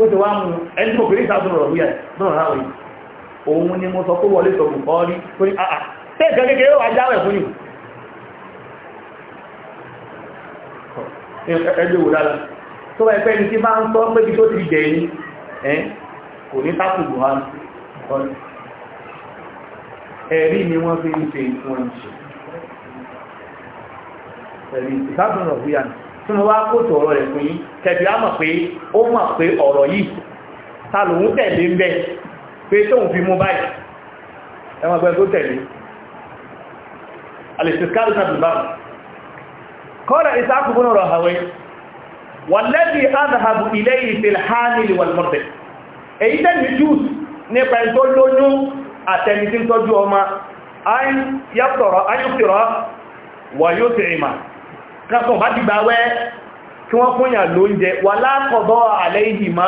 tó ti wá mú ẹni tó bèèrè ìsásùn rọ̀ wíyà náà ráwọ̀ yìí òun ni mo sọ kó wọlé sọ bùkọ́ rí tó ní àà tẹ́ẹ̀kẹ́ kékeré wà jáwẹ̀ fún yìí ẹgbẹ́ wò dára tó bá ẹgbẹ́ ni tí bá ń sọ pé bí tó ti jẹ ní ẹ́ kò ní tákù buhari ẹ̀rí ni wọ́n fi ń ṣe ìfún ẹ̀ṣẹ̀ ẹ̀rí ìsásùn rọ̀ wíyà náà tí mo wá kóòtù ọ̀rọ̀ rẹ̀ fún yí tẹ̀bí á mọ̀ pé ó mọ̀ pé ọ̀rọ̀ yìí ta lòun tẹ̀lé ń bẹ̀ pé tóun fi mú báyìí ẹwọ́n ẹgbẹ́ tó tẹ̀lé alẹ́sìkáàlù náà bùbá kọ́lá ìsáàkùnkùn ọ̀rọ̀ àwẹ́ wàlẹ́bí adàhàbù ilé ìfẹ̀lhánílì wàlmọ́dẹ̀ èyí tẹ́lì jùs nípa ẹ̀tọ́ yóò tẹ̀rìmà kàtọ̀ bá ti gbàwẹ́ kí wọ́n fún yà lóúnjẹ wà lákọ̀dọ́ àlẹ́ìhìmá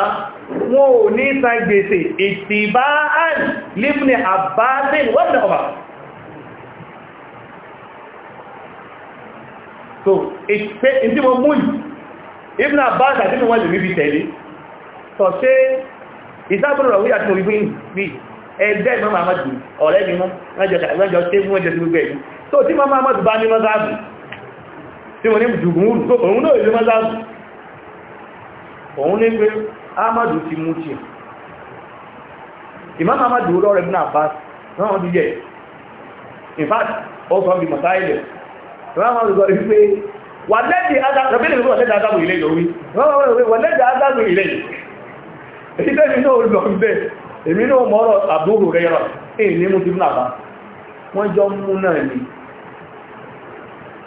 wọn ò ní san gbèsè ìtìbá àn lífni àbáṣẹ́ wọ́n ọba so ìpé ìdí mo mú yìí ibn abbas àti ìwọ̀n lè ríbi tẹ̀lé sọ ṣe ìsáàbùrù rọ̀ wíyà tí mo rí fún ìgbì ẹgbẹ́ ìmọ̀ mamadu ọ̀rẹ́ mi mọ́ wọ́n jọ tí gbogbo tí wọ́n ní jùgùn òun náà ilé mọ́sáàbù òun ní pé amadu ti mú tí ìmá amadu lọ́rẹ̀ bí náà bá náà ti jẹ́ in fact also be masáìlẹ̀ ramadu sọ wípé wà lẹ́dì adágún ilé lórí wà lẹ́dì adágún ilé èyí tẹ́mi náà lọ bẹ́ èmi náà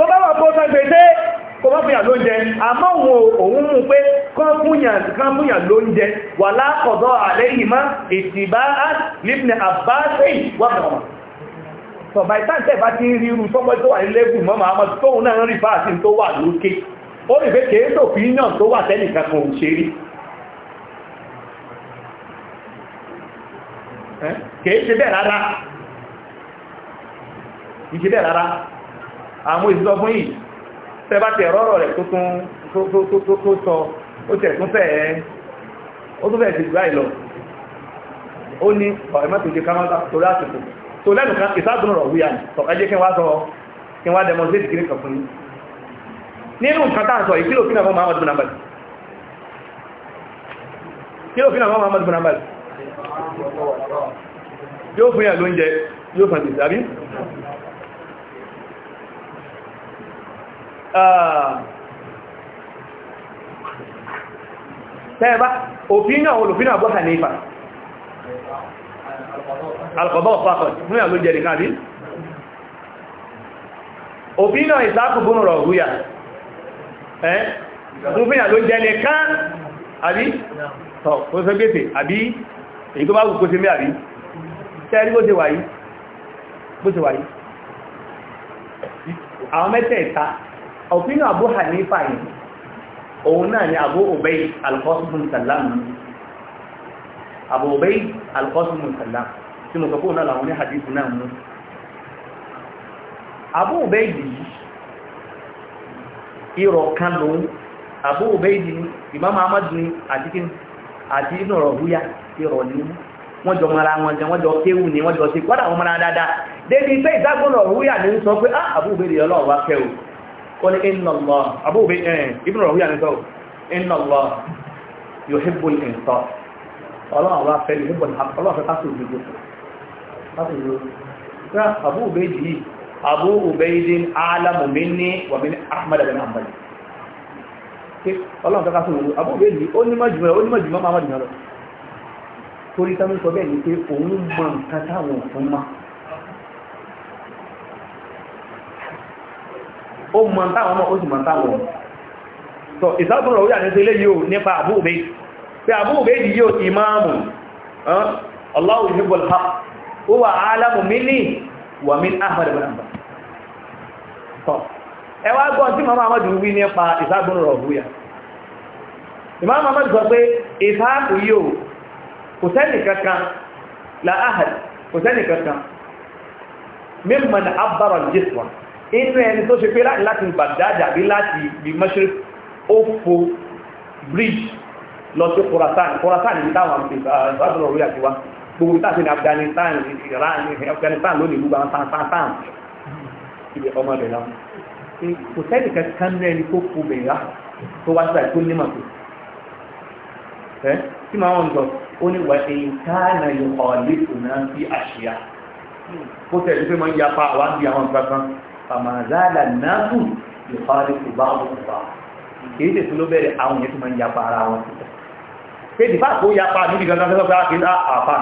tó bá wà bọ́ta gbèsè kó má fìyà lóúnjẹ àmọ́ òun òun mú pé kán fúnyà wà lákọ̀dọ̀ àlẹ́yìnmá ìtìbá lípnẹ̀ so by bá ti rí irú sọ́pọ̀ tó wà ní lẹ́gùn mọ́mà náà rí tó wà lókè ó rí pé kèé tó fi yàn tó wà àwọn ìsìsọ fún yìí tẹ́bá tẹ̀ rọ́rọ̀ rẹ̀ tó tún sọ ó tẹ̀ tún fẹ́ ẹ́ ó tún fẹ́ ti gbá ìlọ ó ní ọ̀rẹ́ mẹ́tò jẹ́ kámọ́ta torí àsìkò tó lẹ́nu kan ìsádùn rọ̀ wíyà sọ ẹjẹ́ kí wá sọ kí wá demonstrate kiri kan fún yìí nínú nǹkan tá à ń sọ ìkílò fínà fún Muhammad bin Abdul kílò fínà fún Muhammad bin Abdul yóò fún yà lóúnjẹ yóò fún àgbèsè àbí Ah. tẹ́ẹ̀bá òfin náà olùfin náà bọ́ta ní ìfà alkọ̀bọ̀ fàkọ̀t ní àlú jẹ́ nìkan bí òfin náà ìsáàkù bónú rọ̀ húyà ẹ́ òfin àlú jẹ́ nìkan àbí tọ̀ fún sọ gbèsè àbí èyí tó bá kù kó sí mẹ́ àbí tẹ́ẹ̀rí bó ti wà yìí àwọn òfin Abu Hanifa yìí òun náà ni Abu Ubayd al-Qasim salam Abu Ubayd al tí mo sọ náà làwọn ní hadithu náà mú Abu Ubayd yìí kan Abu Ubayd ni imama Ahmad ni àti inú ni wọ́n jọ mara wọn jẹ wọ́n jọ kéwù wọ́n jọ sí kọ́dà wọn mara dáadáa débi pé ah wọ́n ni inna Allah abúgbé ẹ̀yìn ibùn rọ̀wí àníkọ́ inna Allah yuhibbul insaf ọlọ́run bá fẹ́ yuhibbul haqq ọlọ́run fẹ́ kásù òjòjò kásù òjòjò rá abúgbé yìí Abu Ubaydin a'lamu minni wa min Ahmad bin Hanbal ọlọ́run fẹ́ kásù òjòjò abúgbé yìí ó ní mọ́jùmọ́ ó ní mọ́jùmọ́ máa torí táwọn sọ bẹ́ẹ̀ ni pé òun mọ nǹkan táwọn òfin máa ó mọ̀ táwọn ọmọ ó sì mọ̀ táwọn so ìsáàtún rọ̀ wíyà ní sílé yíò nípa àbúgbé pé àbúgbé yìí yíò ìmáàmù Allahu yuhibbul haqq ó wà álámù minni wà min Ahmad ibn Hanbal ẹ wá gbọ́n tí màmá Ahmad wí nípa ìsáàtún rọ̀ wíyà ìmáàmù Ahmad sọ pé ìsáàtù yíò kò inú ẹni tó ṣe pé láti bàdájà bí láti bí mọ́ṣẹ́ ó bridge lọ sí Khorasan Khorasan ní táwọn ìbádọ́rọ̀ orí àtiwá gbogbo tá sí ní Afghanistan Iran Afghanistan lónìí gbogbo àwọn sáńsáńsáń ibi ọmọ rẹ̀ náà kò sẹ́ni kankan ní ẹni tó fo bẹ̀rẹ̀ tó wá síra tó nímọ̀ tó ẹ́ tí màá wọn gbọ́ ó ní wà èyí káàna yóò ọ̀ náà sí àṣìyà kó tẹ̀lé pé wọ́n yapa àwọn àbí àwọn nǹkan fàmàzálà náàbù ìfàrí kò bá wọn bá kìí tètè ló bẹ̀rẹ̀ àwọn yẹn tó máa ń yapa ara wọn títẹ̀ pé dìbà tó yapa níbi gangan fẹ́ fẹ́ kí á àfà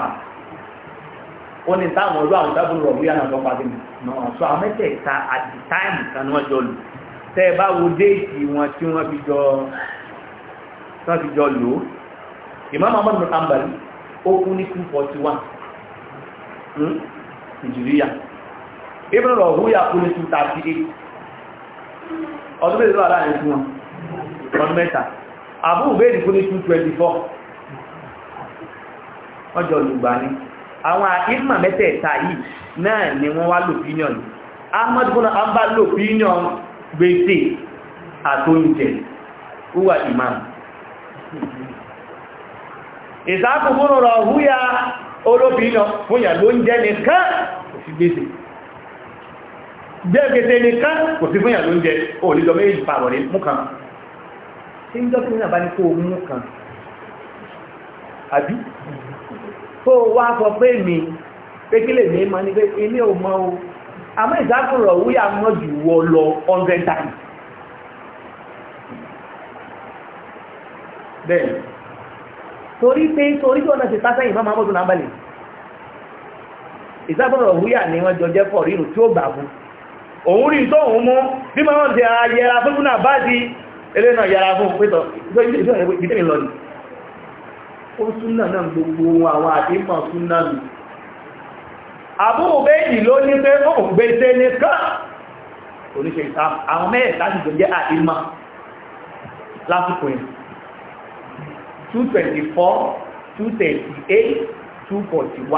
ó ní táwọn ọdún àwọn tábìlì rọ̀ wíyá náà lọ́pàá dínà náà sọ àwọn mẹ́tẹ̀ẹ̀ta àti táìmù kan ni wọ́n jọ lù tẹ́ ẹ bá wo déètì wọn tí wọ́n fi jọ tán fi jọ lò ó Imam Ahmad bin Hanbal ó kú ní 241 hmm, Nàìjíríà ibùdó lọ hú yà kúlé 238 ọdún mẹ́ta láàrin fún wọn ọdún mẹ́ta àbúrú bẹ́ẹ̀dì kúlé 224 ọjọ́ olùgbà ní àwọn àìmà mẹ́tẹ̀ẹ̀ta yìí náà ni wọ́n wá lòpínion ahmad bọ́nà a bá lòpínion gbèsè àtóyìnjẹ wúwà imam ìsáàkùnkùn rọ̀ fún yà ló ń jẹ́ gbẹ́gẹ̀dẹ̀ nìkan kò sí fún ìyàló oúnjẹ olùdó méjì pààrọ̀ ní mú kan tí ń dọ́kùnrin náà bá ní kó mú kan àbí tó wá sọ pé mi pékílè mi ma ní pé ilé ò mọ́ o àmọ́ ìdákùnrọ̀ wúyà mọ́ jù wọ lọ 100 times bẹ́ẹ̀ torí pé torí tí ọ̀nà ti tásẹ́yìn máa mọ́ tó náà balẹ̀ ìdákùnrọ̀ wúyà ni wọ́n jọ jẹ́ pọ̀ rírù tí ó gbà fún òun rí tó òun mú bí ma wọ́n ti a yẹra fún fún náà bá ti eré náà yẹra fún pẹ́tọ̀ ìgbẹ́rin lọ ní ó súnà náà gbogbo àwọn àti ìmọ̀ súnà lù àbúrò bẹ́ẹ̀dì ló ní pé ó ń gbé tẹ́ ní ká oníṣẹ́ ìta àwọn mẹ́ẹ̀ta sì jẹ́ àti ìmọ̀ 224 238 241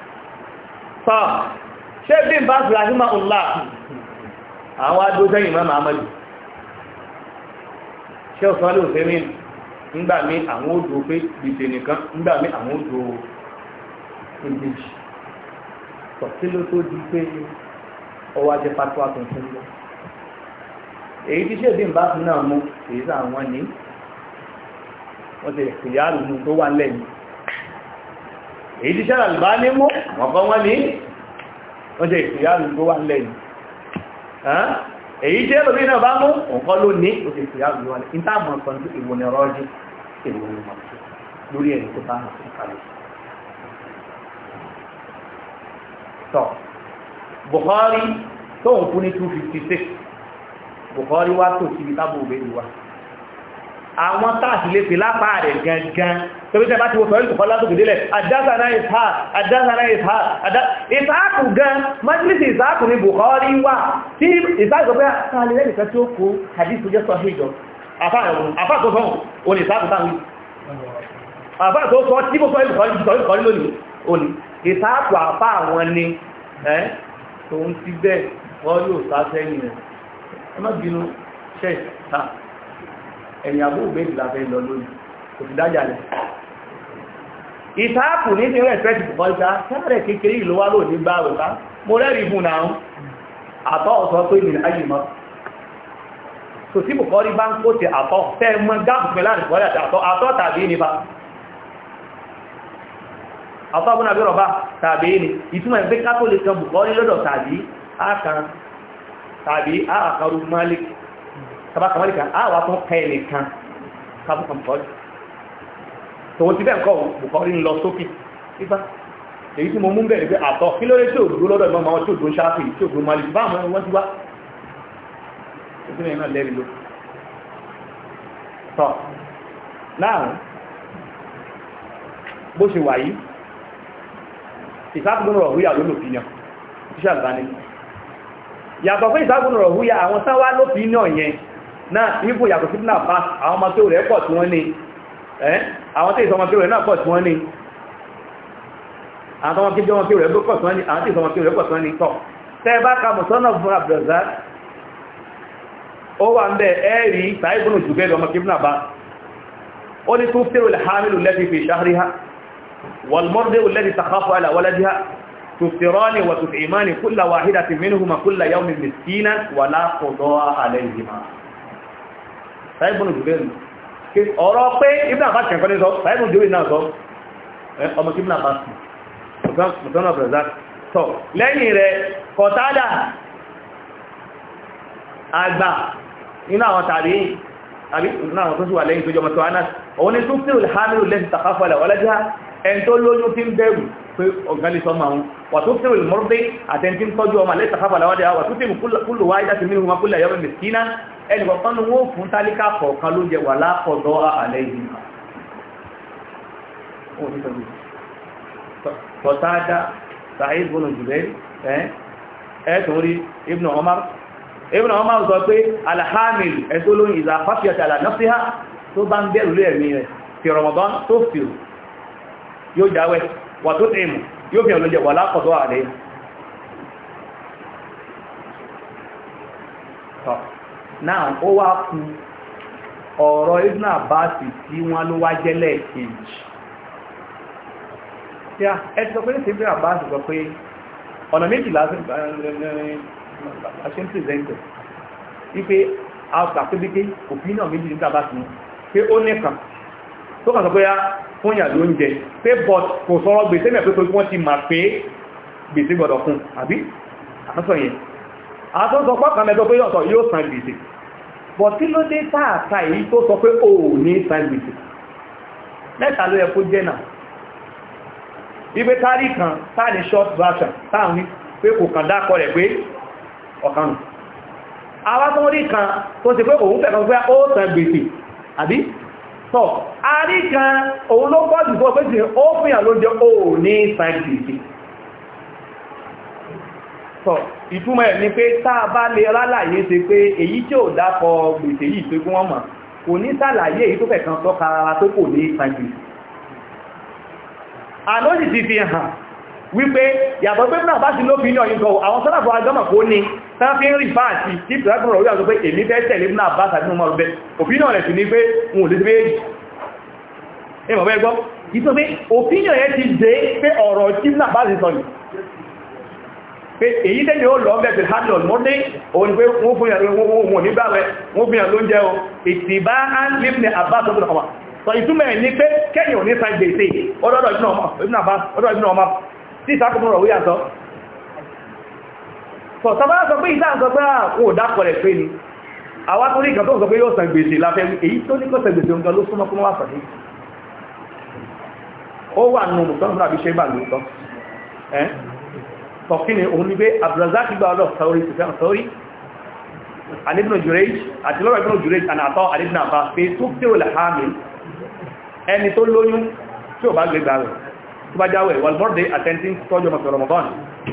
tọ́ ṣe bí n bá ṣùláhímà ọlá àwọn adóṣẹ́yìn mọ́ màmàlù ṣe ọ̀sán ló fẹ́ mí nígbà mí àwọn odò pé gbèsè nìkan nígbà mí àwọn odò ìgbèjì tọ̀ kí ló tó di pé ọwọ́ ajẹ́ pátá tuntun lọ èyí tí ṣèdí ń bá fún náà èyí sáà wọ́n ní wọ́n ti èyí tí sẹ́rà bá ní mú ọ̀kan wọ́n ní wọ́n jẹ́ ìfìyàrù tó wà lẹ́yìn èyí tí ẹlòmí náà bá mú ọ̀kan ló ní ó ti ìfìyàrù tó wà lẹ́yìn ìtààmù kan tó ìwò ní ọ̀rọ̀ ọjọ́ ìwò ní mọ̀ lórí ẹni àwọn táàsì lè fi lápá rẹ̀ gangan tóbi tẹ́ bá ti wo fẹ́ ìtùkọ́ látòkù délẹ̀ àdásànà ishaq àdásànà ishaq ìsáàkù gan májílìsì ìsáàkù ní Bukhari wà tí ìsáàkù pé sáàlẹ̀ lẹ́nì kan tí ó kó hadith jẹ́ sọ ṣíjọ àfáàkọ́sọ́hùn olè ìsáàkù táwọn àfáàkọ́sọ́ tí mo fẹ́ ìtùkọ́ lónìí olè ìsáàkù àfá àwọn ni ẹ́ tòun ti bẹ́ẹ̀ wọ́n yóò sá sẹ́yìn rẹ̀ ẹ má bínú ṣẹ́ẹ̀ ẹ̀yìn àbú ìbéèdì láfẹ́ lọ lórí kò ti dájà lẹ̀ ìsáàkù ní ti rẹ̀spẹ́tì púpọ̀ ìta sẹ́rẹ̀ kékeré ìlú wá lóò ní gbá òta mo rẹ́rìí fún náà àtọ́ ọ̀sọ́ pé mi ayé mọ́ kò sí bùkọ́ rí bá ń kó ti àtọ́ tẹ́ mọ́ gáàpù pẹ̀lú àdìpọ̀lẹ̀ àti àtọ́ àtọ́ malik kaba ah, kan kan á wà fún kẹ́ nìkan kábù kan bọ́ọ̀lù tòun ti bẹ́ẹ̀ nǹkan bùkọ́rí ń lọ sókè nípa èyí tí mo mú bẹ̀rẹ̀ pé àtọ̀ kí ló lè tí òdúró lọ́dọ̀ ìmọ̀ àwọn tí òdúró ṣáàfì tí òdúró máa lè bá àwọn wọn ti wá ojú náà lẹ́rìí ló tọ̀ náà bó ṣe wà yìí ìsáàkùnrin rọ̀ wíyà ló lò fi yàn iṣẹ́ àgbáni yàtọ̀ fún náà níbo yàtọ̀ sí náà bá àwọn ọmọ tó rẹ̀ pọ̀ tí wọ́n ní àwọn tí ìsọmọ tó rẹ̀ náà pọ̀ tí wọ́n ní àwọn tó wọ́n kí rẹ̀ pọ̀ tí wọ́n ní àwọn tí ìsọmọ tó tí ó wà ń bẹ ẹ́rì الذي تخاف على ولدها تفطران وتطعمان كل واحدة منهما كل يوم مسكينا ولا قضاء عليهما sáìbùnù jùbẹ́rù ọ̀rọ̀ pé ibùdó àbá kẹ̀kọ́ ní sọ sáìbùnù jùbẹ́rù náà sọ ọmọ kí ibùdó àbá sùn mùsùlùmí ọ̀bẹ̀rẹ̀ zá tọ̀ lẹ́yìn rẹ̀ kọ̀tádà àgbà nínú àwọn tàbí àbí nínú àwọn tó sì wà lẹ́yìn tó jọmọ̀ tó aná òun ni túnkìrì hamilu lẹ́sìn tàkàfàlà wọlẹ́jà ẹni tó lóyún tí ń bẹ̀rù pé ọ̀gán lè sọ́mọ àwọn wà tó tẹ́wò ìmọ́rúdé àtẹ́ntí ń tọ́jú ọmọ lẹ́sà fábàlá wádẹ́ wà tó tẹ́wò kúlù wáyé láti mínú wọn kúlù ẹ̀yọ́mẹ̀ mẹ́sìnà ẹnìkọ̀kan ní wọ́n fún tálíkà kọ̀ọ̀kan ló jẹ wà lákọ̀ọ́dọ́ àlẹ́ yìí Qatada Sa'id ibn Jubair ẹ̀ẹ́tùn rí Ibn Umar Ibn Umar sọ pé alhamil ẹ̀tọ́ lóyìn ìzà fásiyàtà àlànàfíà tó bá ń bẹ̀rù wà tó tẹ̀mù yóò fi hàn lóúnjẹ wà lákọ̀ọ́dọ́ àlẹ́ náà ó wá kú ọ̀rọ̀ ibn abbas tí wọ́n ló wá jẹ́lẹ̀ kejì ẹ ti sọ pé ní ibn abbas sọ pé ọ̀nà méjìlá ṣe ń pèsèǹtẹ̀ wípé a gbà pé wípé òfin tó kà sọ pé á fún ìyà ló ń jẹ pé bọ́t kò sọ̀rọ̀ gbèsè mẹ́ pé wọ́n ti mà pé gbèsè gbọ́dọ̀ fún àbí àtúnsọ yẹn àtúnsọ pọ́kà mẹ́tọ́ pé yọ̀tọ̀ yóò san gbèsè bọ̀ tí ló dé tààtà èyí tó sọ pé ò ní san gbèsè mẹ́ta ló yẹ kó jẹ́ náà ibi táàrí kan táàrí short version táàrí pé kò kàn dákọ̀ rẹ̀ pé ọ̀kan nù àwọn tó rí kan tó ti pé òun fẹ́ kan pé ó san gbèsè àbí tọ́ àrí kan òun ló pọ̀ jù fún pẹ́sì ó fìyà ló jẹ ó ní sàìdìsì tọ́ ìtumọ̀ ni pé táa bá lè rálàyé ṣe pé èyí tí ò dákọ gbèsè yìí pé kí wọ́n mọ̀ kò ní sàlàyé èyí tó fẹ̀kan tọ́ka ara tó kò ní sàìdìsì àlójì ti fi hàn wípé yàtọ̀ pé náà tán fi ń rí bá àti tí ìbìlágbọ̀n rọ̀wí àwọn pé èmi fẹ́ tẹ̀lé múnà bá tàbí mọ́ rọ̀bẹ̀ opinion rẹ̀ sì ní pé wọn ò lè fẹ́ èyí ẹmọ̀ bẹ́ gbọ́ ìtọ́ pé opinion rẹ̀ ti dé pé ọ̀rọ̀ tí múnà bá ti sọ ní pé èyí tẹ́lẹ̀ ó lọ bẹ̀ẹ̀ handlon mọ́dé òun pé wọ́n fún ìyàn wọn nígbà rẹ̀ wọ́n fún ìyàn ló ń jẹ́ o ìtìbá and live ní àbá sọ tàbára sọ pé ìsáà sọ pé àwọn ah, òdápọ̀ rẹ̀ ni àwọn tó rí ìkan tó sọ pé yóò san gbèsè láfẹ́ èyí tó ní kọ́sẹ̀ gbèsè oúnjẹ ló súnmọ́ fún wà sọ̀dí ó wà nù mùsọ́nù fún àbíṣẹ́ ìbà lóòtọ́ tọ̀kínì òun ní pé Abdulrazak gba ọlọ́ sọ́rí sùfẹ́ràn sọ́rí alébìnà jurej àti lọ́rọ̀ ìbìnà jurej ànàtọ́ alébìnà àbá pé tó dé òlà hàmì ẹni tó lóyún tí ò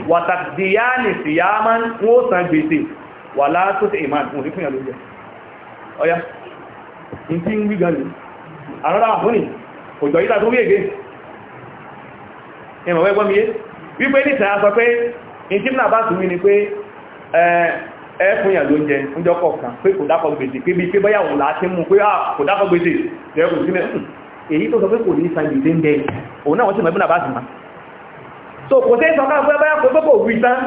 wàtàdíyàní síyàmán wọ́n san gbèsè wà látútù ìmán wọ́n ní fúnyà lórí ẹ̀ ọya in tí ń wí gan ní àrọ́dá àfúnni òjò yíta tó wíègé ẹmọ̀ wẹ́gbọ́n mi yé wípé ní sẹ́yà sọ pé in tí náà bá tún ni pé ẹ fúnyà ló jẹ oúnjẹ kọ̀ọ̀kan pé kò dákọ̀ so kò sí ìsọ̀ká pé báyá pé pé kò wí tán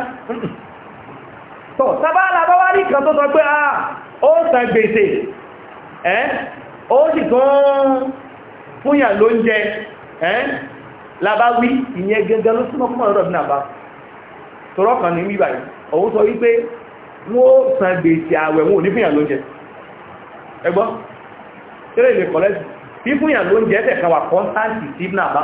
so sábà alábọ́ wá ní kan tó sọ pé ah ó san gbèsè ẹ́ ó sì tún fúnyà ló ń jẹ ẹ́ labá wí ìyẹn gẹ́gẹ́ ló súnmọ́ fún ọ̀rọ̀ ìdínàbá tọrọ kan ní wíwà yìí òun sọ wípé wọ́n san gbèsè àwẹ̀ wọn ò ní fúnyà ló ń jẹ ẹgbọ́n tẹ́lẹ̀ ilẹ̀ kọ̀lẹ́sì fífúnyà ló ń jẹ́ tẹ̀kan wà kọ́ńtáǹtì sí ìdínàbá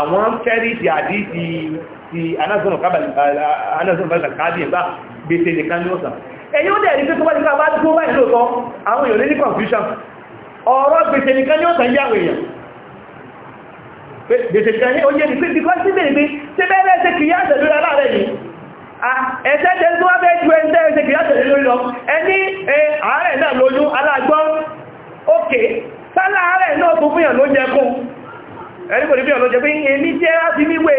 àwọn ń fẹ́rí ti àdí ti ti anásùnù kábàlì ẹ̀gbá gbèsè nìkan ní ọ̀sán èyí ó dẹ̀ rí pé tó bá ti ká bá tó bá ìlú ọ̀tọ́ àwọn èèyàn lè ní confusion ọ̀rọ̀ gbèsè nìkan ní ọ̀sán yàwó èèyàn gbèsè nìkan ní oye ní pé bí kọ́ sí bèèrè tí bẹ́ẹ̀rẹ̀ ṣe kìí àtẹ̀lú rẹ̀ láàrẹ̀ ni ẹ̀ṣẹ́ tẹ́ tó wá bẹ́ẹ̀ ju ẹ̀ṣẹ́ ṣe kìí àtẹ̀lú lórí lọ ẹni ààrẹ náà lóyún alágbọ́n ókè sálà ààrẹ náà tó fúnyàn ló jẹ ẹni kò ní bí ọ̀nà jẹ́ pé èmi jẹ́ láti níwé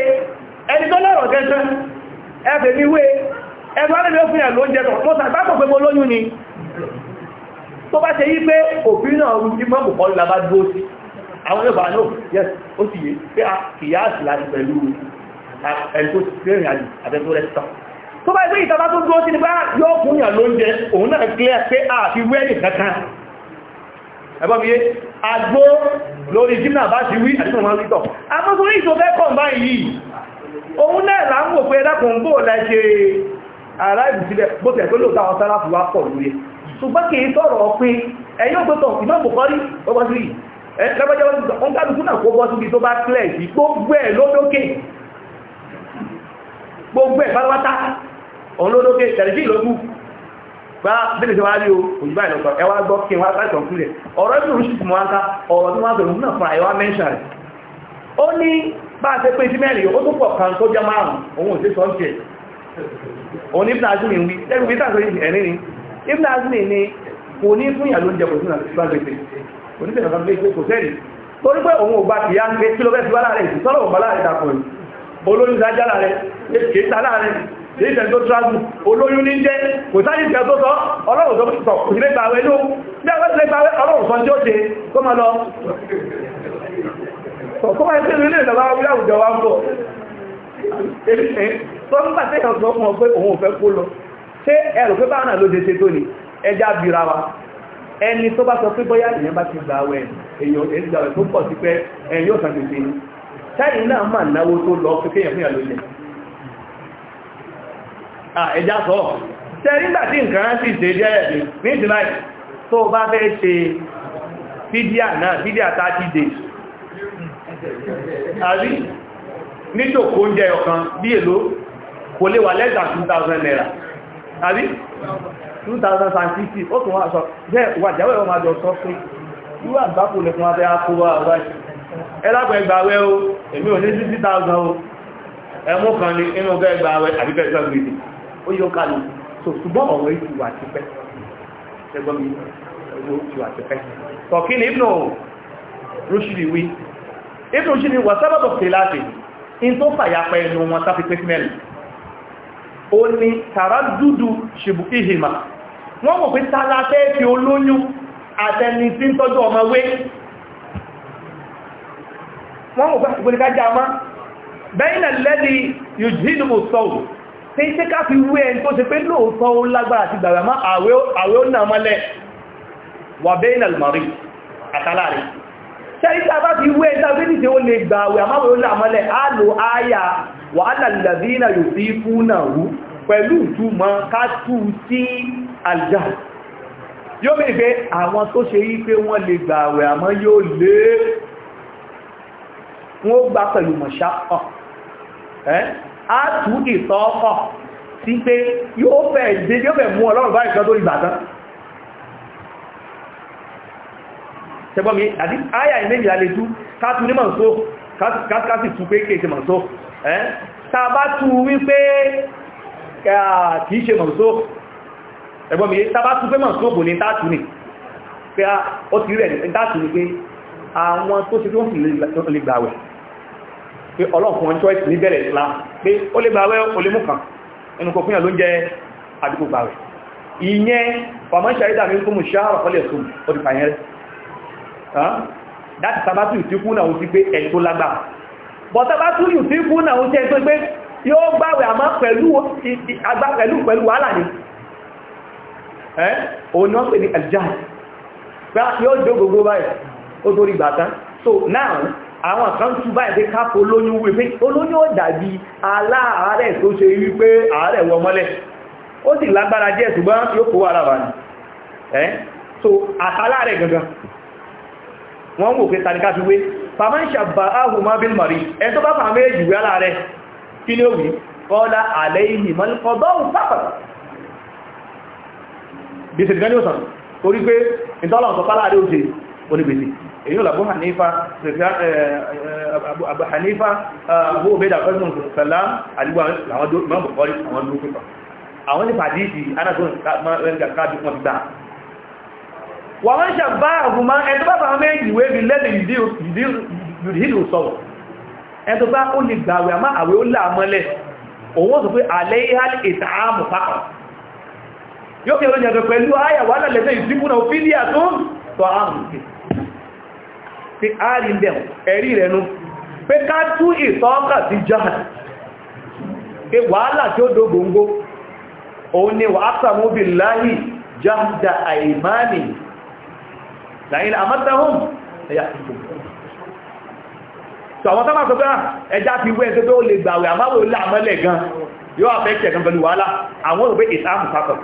ẹni tó lọ́rọ̀ gẹ́gẹ́ ẹfẹ́ níwé ẹgbẹ́ alẹ́bẹ̀ òfin ẹ̀ lóúnjẹ náà tó sàgbàpọ̀ pé mo lóyún ni tó bá ṣe yí pé òfin náà rú jí mọ́bù kọ́ lábá dúró sí àwọn yóò bá yes ó sì yé pé a kìyà sí láti pẹ̀lú ẹni tó rìnrìn àjò àtẹ́tó rẹ̀ sọ tó bá ṣe ìtàbá tó dúró sí ni bá yóò fún yàn lóúnjẹ òun náà clear pé a fi wẹ́ẹ̀lì ẹgbọ́mìyé agbó lórí jimna bá ti wí àti ọmọ rítọ̀ agbóso ní ìtòfẹ́ kọ̀mbá yìí òun náà là ń wò pé ẹdákùn bó lẹ́ṣe aráìbù sílẹ̀ bó tẹ̀ tó lóòtà àwọn sáráfù wá pọ̀ lórí ṣùgbọ́n kì í tọ̀rọ̀ pé ẹ̀yìn ògbótọ̀ ìmọ̀ bùkọ́rí ọgbọ́n sí lọ́gbọ́jọ́ wọn kálukú náà kó bọ́ síbi tó bá kílẹ̀ sí gbogbo ẹ̀ lódókè gbogbo ẹ̀ pátápátá òun lódókè tẹ̀lẹ́jì lógún bá bí nìkan wá rí o òjú báyìí lọ́tọ̀ ẹ wá gbọ́ kí n wá láì tọ̀ kúlẹ̀ ọ̀rọ̀ ìbí òrùsì tí mo wá ń ká ọ̀rọ̀ tí wọ́n á bẹ̀rù náà fún àìwá mẹ́ńṣà rẹ̀ ó ní bá a ṣe pé sí mẹ́rin ó tó pọ̀ kan tó jẹ́ márùn-ún òun ò sí sọ́ọ́ tiẹ̀ òun ibùdó azumi wí lẹ́nu wí ìjẹ́ tó travel olóyún ní jẹ́ kò sáyé ìjẹ́ tó sọ ọlọ́run tó sọ ìlé gbàwẹ́ ló bí ẹgbẹ́ sílé gbàwẹ́ ọlọ́run sọ tí ó ṣe kó máa lọ kó máa ṣe ilé ìjọba wíwá àwùjọ wa ń bọ̀ tó ń pàtẹ́ ìyàn sọ fún ọ pé òun ò fẹ́ kó lọ ṣé ẹrù pé báwọn náà ló ṣe ṣe tó ni ẹja bira wa ẹni tó bá sọ pé bóyá ìyẹn bá ti gbàwẹ́ èèyàn èyí gbàwẹ́ tó pọ̀ sí pé ẹ̀yìn yóò sàgbèsè ni táyì náà máa náwó tó lọ pé kéèyàn fún ìyàn ló ẹjá sọ tẹ nígbà nǹkan rántí ìṣe jẹ́ ẹ̀dẹ̀ ní tó bá fẹ́ ṣe fídíà náà fídíà 30 days àrí nítòkó oúnjẹ ọ̀kan bí èlò kò lè wà lẹ́gbà 2,000 naira àrí 2,060 ó tún wá sọ jẹ́ sọ pé abẹ́ ẹlápẹ́ o èmi ò ní 60,000 o ó yọ kálù tó ṣùgbọ́n ọ̀rọ̀ ìtìwà ti pẹ́ ẹgbọ́n mi ọ̀rọ̀ ìtìwà ti pẹ́ tọ̀kí ni ibùnà rúṣìlì wí ibùnà rúṣìlì wà sábàbọ̀ pè láti in tó fàyà pẹ́ ẹnu wọn sáfi pé mẹ́rin ó ní tàrà dúdú ṣìbù ìhìmà wọ́n mọ̀ pé tálá fẹ́ fi olóyún àtẹni tí ń tọ́jú ọmọ wé wọ́n mọ̀ pé ìgbónikájá ọmọ bẹ́yìn lẹ́dí yóò jí ìdúgbò sọ́wọ́ pé ṣé ká fi wé ẹni tó ṣe pé lóòótọ́ ó lágbára ti gbàgbà má àwẹ́ ó nà mọ́lẹ̀ wà bẹ́ẹ̀ nà lùmọ̀rí àtàlárí ṣẹ́rí tí a bá fi wé ẹ̀ta bíi tí ó lè gbà àwẹ́ àmáwẹ́ ó nà mọ́lẹ̀ á lò áyà wà á nà wọ́n lè pẹ̀lú mọ̀ṣá ẹ̀ A tú ìtọ́ ọkọ̀ sí pé yóò fẹ́ ìdé yóò fẹ́ mú ọlọ́run bá ìkan tó rí bàtán tẹgbọ́n mi àti àyà ìmẹ́jì alẹ́ tú kátù ní mọ̀só kásì tú pé kéèkéè mọ̀só ẹ́ ta bá tú wípé kìí ṣe mọ̀só ẹgbọ́n mi ta bá tú pé mọ̀só kò ní tátù ní pé ó ti rẹ̀ tátù ní pé àwọn tó ti tó ń fi lè gbàwẹ̀ pé ọlọ́fún choice ní bẹ̀rẹ̀ islam pé ó lè gbàwẹ́ olèmú kan ẹnu kò fúnyà ló ń jẹ àdúgbò gbàwẹ̀ ìyẹn fàmọ́ ṣàrídà ní kúmù ṣáàrọ̀ kọ́lẹ̀ sùn ó ti fàyẹn rẹ̀ dáti sabatu ìtíkú náà ti pé ẹni tó lágbà bọ̀ sabatu ìtíkú náà ti ẹni tó pé yóò gbàwẹ̀ àmọ́ pẹ̀lú pẹ̀lú wàhálà ni òun ni wọ́n pè ní aljihad yóò jó gbogbo báyìí ó torí gbàtán so now àwọn kan tún báyìí pé kápò olóyún wípé olóyún ó dàbí aláàárẹ̀ tó ṣe wípé àárẹ̀ wọ mọ́lẹ̀ ó sì lágbára díẹ̀ ṣùgbọ́n yóò kó ara wà ní ẹ́ so àtàláàrẹ̀ gangan wọ́n wò pé tàníká fi wé pàmọ́ ìṣàbà áhùnmá bí mọ̀rí ẹ tó bá fà méjì wé aláàrẹ̀ kí ni ó wí kọ́lá àlẹ́ ìhì mọ́lẹ́kọ̀ọ́dọ́rùn pápá gbèsè gan ni ó sàn torí pé ìtọ́lọ̀ sọ páláàrẹ̀ ó ṣe onígbèsè èyí lọ eh, eh, Abu Hanifa Abu eh, Hanifa Abu Ubaida ọdún salam àdúgbò àwọn ìmọ̀ bọ̀kọ́rí àwọn ìlú pípa àwọn nípa àdíjì anájọ́n káàbí fún ọdúgbà wọ́n wọ́n ṣàbá àgùnmá ẹ̀tọ́ bá bá méjì wé bí lẹ́nà ìdíhìlù sọ̀rọ̀ ẹ̀tọ́ bá ó lè gbàwẹ̀ àmá àwẹ̀ ó láàmọ́lẹ̀ òun sọ pé alẹ́ ìhálì ìtààmù pápá yóò kẹ́ tí a rí ń bẹ̀rún ẹ̀rí rẹ̀ nú pé ká tú ìtọ́ọ̀kà sí jihad pé wàhálà tí ó dó gbogbo òun ni wà ápàmú bí láhì jahda àìmáàni láyín àmọ́tẹ́hùn ẹ̀yà tó àwọn tánmà sọ pé ah, ẹjá fi wé ẹ̀sẹ́ pé ó lè gbàwẹ̀ àmáwò ilé àmọ́lẹ̀ gan yóò àfẹ́ ṣẹ̀kan pẹ̀lú wàhálà àwọn òpé ìsáàmù sákọ̀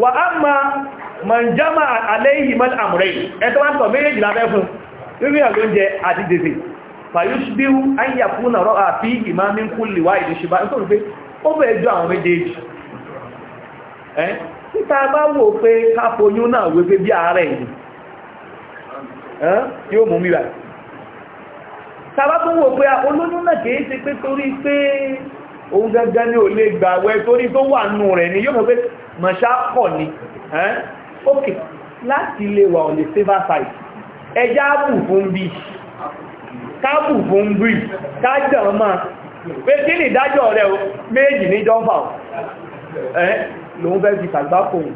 wà á máa man jama aléyìí mọ́l àmúrẹ́ ẹ̀tọ́ wá sọ méjì lábẹ́ fún rírí ọ̀lọ́ oúnjẹ àti dèdè fàyúṣbíú ayyàkú na rọ́ àfi ìmá ní kú lèwà ìdíṣìbá ń sọ̀rọ̀ pé ó bẹ̀ẹ́ jọ àwọn méjèèjì ẹ́ títa bá wò pé káfoyún náà wé pé bí ààrẹ ìlú yóò mú mìíràn tàbá tún wò pé olóyún náà kìí ṣe pe torí pé òun gangan ni ò lè gbàwẹ̀ ni ok láti lè wà on the safer side ẹjá bù fún bí káàbù fún bí kájọ̀ máa pé kí ni ìdájọ́ rẹ̀ o méjì ní jọ́nfà o ẹ́ lòun fẹ́ fi tàgbá fòun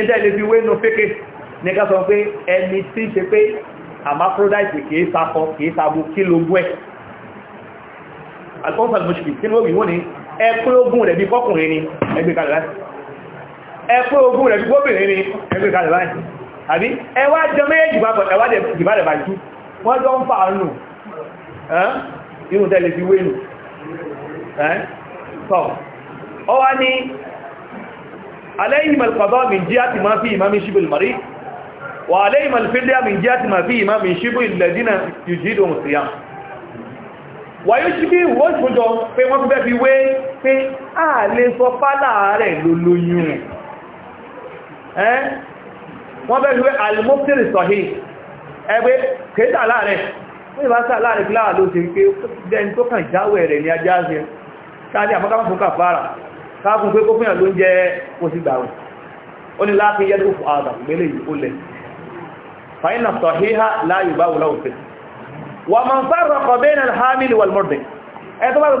ìtẹ́lẹ̀ fi wé nù pékè ní ká sọ pé ẹni tí ṣe pé hermaphrodite kìí sakọ kìí sabo kí ló gbọ́ ẹ̀ alfonso al-mushkil kí ni ó wí wọ́n ni ẹ ogun rẹ̀ bí fọ́kùnrin ni ẹgbẹ́ kalẹ̀ láti ẹ̀fẹ́ ogun rẹ̀ gbogbo ni ẹgbẹ́ ìkàlẹ̀ báyìí àbí ẹwà jọ méjì papọ̀ ẹwà jìbàlẹ̀ báyìí wọ́n jọ ń fà nù inú tẹ́lẹ̀ fi wé nù ọ wá ní alayhim al ma fi imam shibu al-marid wa ma fi wọ́n pé wọ́n fi wé pé a lè sọ rẹ̀ lólóyún wọ́n bẹ́ẹ̀ wípé alimọ́sírì sọ̀hí ẹgbẹ́ kéta láàrẹ̀ wọ́n ìbá sáà láàrẹ̀ kíláà ló ti pé dẹni tó kàn jáwẹ̀ rẹ̀ ní ajá ṣe káàdì àfọ́kámọ́ fún kàfàrà káàkùn pé kófin ló kó fún àgbà gbélé ń fárọ̀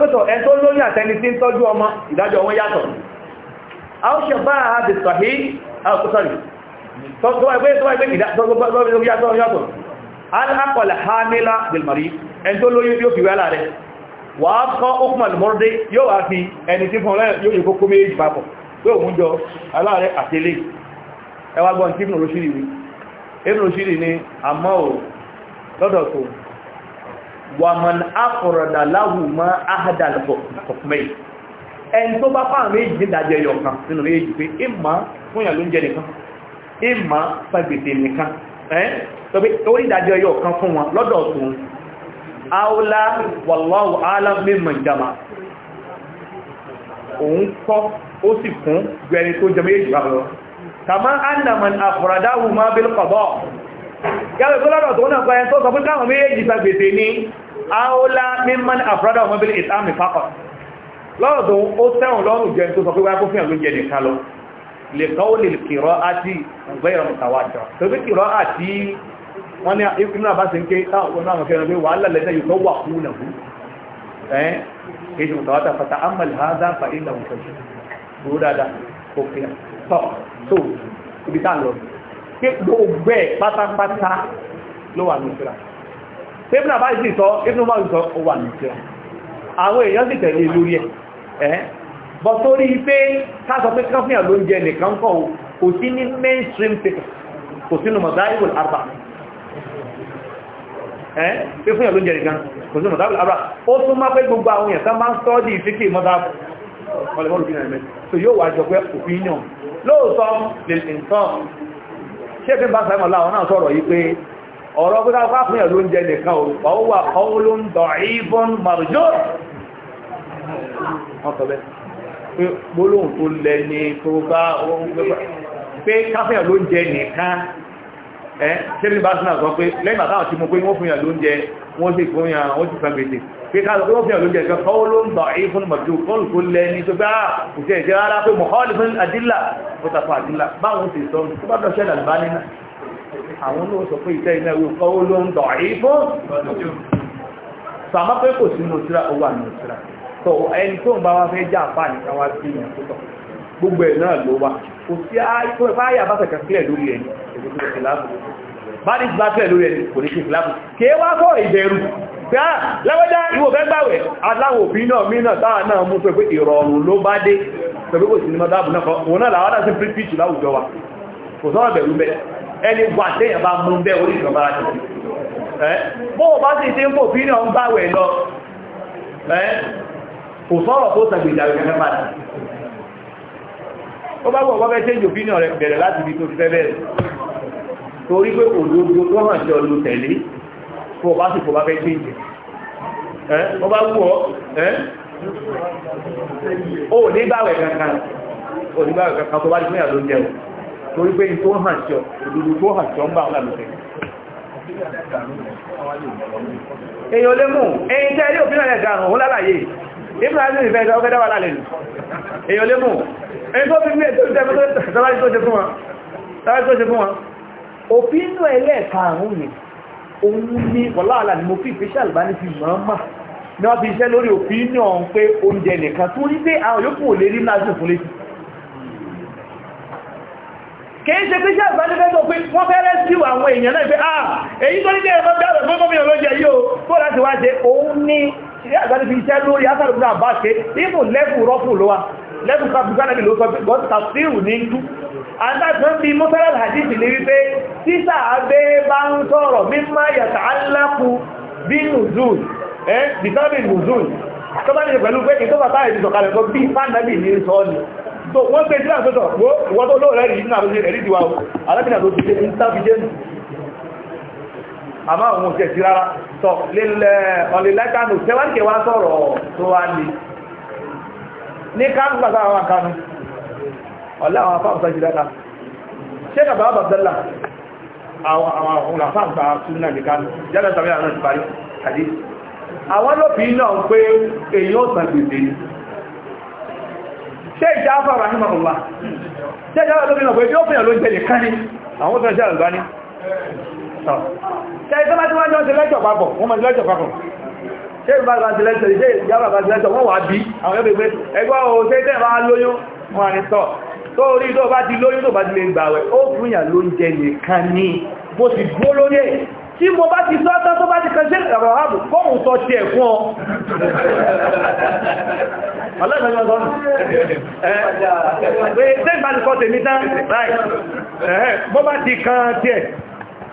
kọ̀ bẹ́ẹ̀ náà a ó ṣe bá àbì sọ̀hí àkọsọ̀rì tó wáyé tó wáyé ìdá tó yàtọ̀ alákọ̀lẹ̀ hamila bilmari ẹni tó lóyún yóò fi wé aláàrẹ wà á kọ́ okùnmà lùmọ́rọ́dé yóò wá fi ẹni tí fún ọlẹ́rẹ̀ yóò yẹ kókó méjì papọ̀ pé òun jọ aláàrẹ àtẹlẹ́ ẹwà gbọ́n tí ìbìnà olóṣìrì wí ìbìnà olóṣìrì ni àmọ́ ò lọ́dọ̀ tó wà mọ̀ ẹni tó bá fáà méjì ní ìdájọ́ ẹyọ kan nínú méjì pé ìmá fúnyà ló ń jẹ nìkan ìmá fagbèsè nìkan ẹ́ tó pé ó ní ìdájọ́ ẹyọ kan fún wọn lọ́dọ̀ tún aula wallahu alam mímọ̀ ìjàmà òun kọ́ ó sì fún ju ẹni tó jẹ méjì bá lọ kàmá annaman afradahu ma bil qada yàwó tó lọ́dọ̀ tó náà kọ́ ẹni tó sọ fún káwọn méjì fagbèsè ní aula mímọ̀ afradahu ma bil ìtàmì faqat lọ́dún ó tẹ́wọ̀n lọ́rùn jẹ́ tó sọ pé wáyé kó fíyàn ló jẹ nìkan lọ lè kọ́ lè kìrọ́ àti ọgbẹ́rẹ̀ mọ̀tàwàjọ́ tó bí kìrọ́ àti wọ́n ní ìpínlẹ̀ àbá sí ń ké táwọn ọmọ àwọn akẹ́rẹ́ pé wàhálà lẹ́sẹ̀ wà fún nà amal haza fa ilẹ̀ òkèjì rú dáadáa kò kílẹ̀ tọ́ tó ibi tá lọ pé gbogbo ẹ̀ pátápátá ló wà nùsíra pé ìpínlẹ̀ àbá ìsì sọ ìpínlẹ̀ àbá ìsì sọ ó wà nùsíra àwọn èèyàn sì tẹ̀lé lórí ẹ̀ bọ̀ torí pé káàsọ̀ pé káfíà ló ń jẹ nìkan kọ́ kò sí ní mainstream paper kò sínú mọ̀dáìwò àbà ẹ́ pé fún ìyàn ló ń jẹ nìkan kò sínú mọ̀dáìwò àbà ó tún máa pé gbogbo àwọn èèyàn tán máa ń sọ́ọ́dì ìfíkì mọ́dáìwò ọlẹ́mọ́lù bí i ẹ̀mẹ́ so yóò wà jọ pé opinion lóòótọ́ lè nǹkan ṣéfin bá sáyẹ̀mọ̀ láwọn náà sọ̀rọ̀ yìí pé ọ̀rọ̀ pé káfíà ló ń jẹ nìkan ò ọ̀tọ̀bẹ́ pé gbólóhùn tó lẹ ní tó bá pé káfíà ló ń jẹ nìkan ẹ́ sẹ́bí bá sínà sọ pé lẹ́gbà táwọn ti mú pé wọ́n fún yà ló ń jẹ wọ́n sì fún yà wọ́n sì sàgbèsè pé káàkiri wọ́n fún yà ló ń jẹ kan kọ́wọ́ ló ń gbà èyí fún mọ̀jú kọ́lù tó lẹ ní tó bá kò sí ẹ̀jẹ̀ rárá pé mọ̀hálì fún àdílà ó dọ̀ èyí fún kò sínú síra ó wà nínú tó ẹni tó ń bá wá fẹ́ já àpá nìkan wá sí ìyàn tó tọ̀ gbogbo ẹ̀ náà ló wà kò sí àìkó ẹ̀fà àyà bá kẹ̀kẹ́ sílẹ̀ lórí ẹni èdè tó ti láàbù bá ní ti bá sílẹ̀ lórí ẹni kò ní ti láàbù kí wá kọ́ ìbẹ̀rù lẹ́wọ́dá ìwò fẹ́ gbàwẹ̀ aláwò bí náà mí náà táà náà mú pé ìrọ̀rùn ló bá dé pẹ̀lú kò sí ní kò sọ́rọ̀ tó tàgbèjà ìgbẹ̀rẹ̀ padà ó bá wọ́n bọ́bẹ́ change opinion rẹ̀ bẹ̀rẹ̀ láti ibi tó ti fẹ́ bẹ̀rẹ̀ torí pé òdodo tó hàn sí ọlú tẹ̀lé fún ọba sì kò bá fẹ́ change ẹ́ ó bá wù ọ́ ẹ́ ó ní báwẹ̀ kankan ó ní báwẹ̀ kankan tó bá ti fúnyà ló ń jẹun torí pé ní tó hàn lé mú ẹ̀yin tẹ́lẹ̀ òfin náà lẹ̀ dànù ó lálàyé ìbìláàzì ìfẹ́ ọgbẹ́dá wà lálẹ́ èyàn lé mú ẹni tó fi ní ètò ìtẹ́fẹ́ tó ṣe fún wọn òfin ẹlẹ́ẹ̀ka àrùn yìí òun ní wọ̀láàlà ni mo fi ìfẹ́ṣẹ́ àlùbá ní fi mọ́ọ́mà ní wọ́n fi iṣẹ́ lórí òfin ní ọ̀hún pé oúnjẹ nìkan tó ní pé àwọn yòókù ò lè rí láti fún létí kìí ṣe pé ṣe àgbánilẹ́gbọ́ pé wọ́n fẹ́rẹ́ sí àwọn èèyàn náà pé ah èyí tó ní jẹ́ ẹ̀mọ́ bí ilé àgbàdì fi iṣẹ́ lórí asàrùgbà bá ṣe ibù lẹ́fù rọ́fù ló wa lẹ́fù káfíkánàbì ló sọ gbọ́n tàfíìrù ní tú àtàkùn bí mọ́sálàlì àdìsì ní wípé títà abẹ́ bá ń sọ̀rọ̀ mímọ́ yàtà aláàkú bí nùzùl ẹ́ bìtọ́bì nùzùl tó bá nílẹ̀ pẹ̀lú pé ìtọ́bà táà ìdí sọ̀kalẹ̀ tó bí fánàbì ní sọ ni tó wọ́n gbé sílẹ̀ àtọ́tọ̀ wọ́n tó lóòrẹ́ rí nínú àwọn ẹ̀rí ìdíwà alábìnà tó ti ṣe ń tábìjẹ́ àmọ́ àwọn òṣè ti rárá tọ̀ lílẹ̀ ọ̀lẹ́lẹ́kànù tẹ́wáǹkẹ́ wá sọ̀rọ̀ tó wá ní ní kánú gbàgbà àwọn àkánú ọ̀lẹ́ àwọn afáàmù sọ́jú dáadáa ṣé kàbà àbàbẹ́là àwọn àwọn afáàmù gbà tún náà ní kánú jáde tàbí àwọn ti parí àdé àwọn lópin náà ń pé èyí ó sàn gbèsè ni ṣé ìjà afọ àrà ní màmúlá ṣé ìjà afọ àrà lópin náà pé bí ó fi hàn ló ń jẹ nìkan ni àwọn tó ń ṣe àlùbá ní ṣẹ́yìn tó bá tí wọ́n jọ ń ṣe lẹ́jọ̀ papọ̀ wọ́n mọ̀ sí lẹ́jọ̀ papọ̀ ṣe ìbá bá ti lẹ́jọ̀ ṣe ìjábà bá ti lẹ́jọ̀ wọ́n wà bí àwọn ẹgbẹ́ pé ẹgbọ́ o ṣe tẹ́ bá lóyún wọn ni sọ tó rí tó bá ti lóyún tó bá ti lè gbà wẹ̀ ó fún yà lóúnjẹ nìkan ni bó ti gbó lórí ẹ̀ tí mo bá ti sọ́tọ́ tó bá ti kan sí ìrọ̀rọ̀ ààbò kọ́hùn sọ ti ẹ̀ fún ọ ọlọ́ìsàn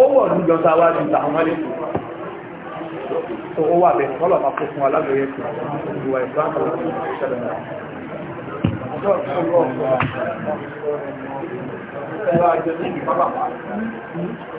ó wọ̀ ní jọta wá ju tàwọn mọ́lé tó ó wà bẹ̀ kọ́lọ̀ Thank you.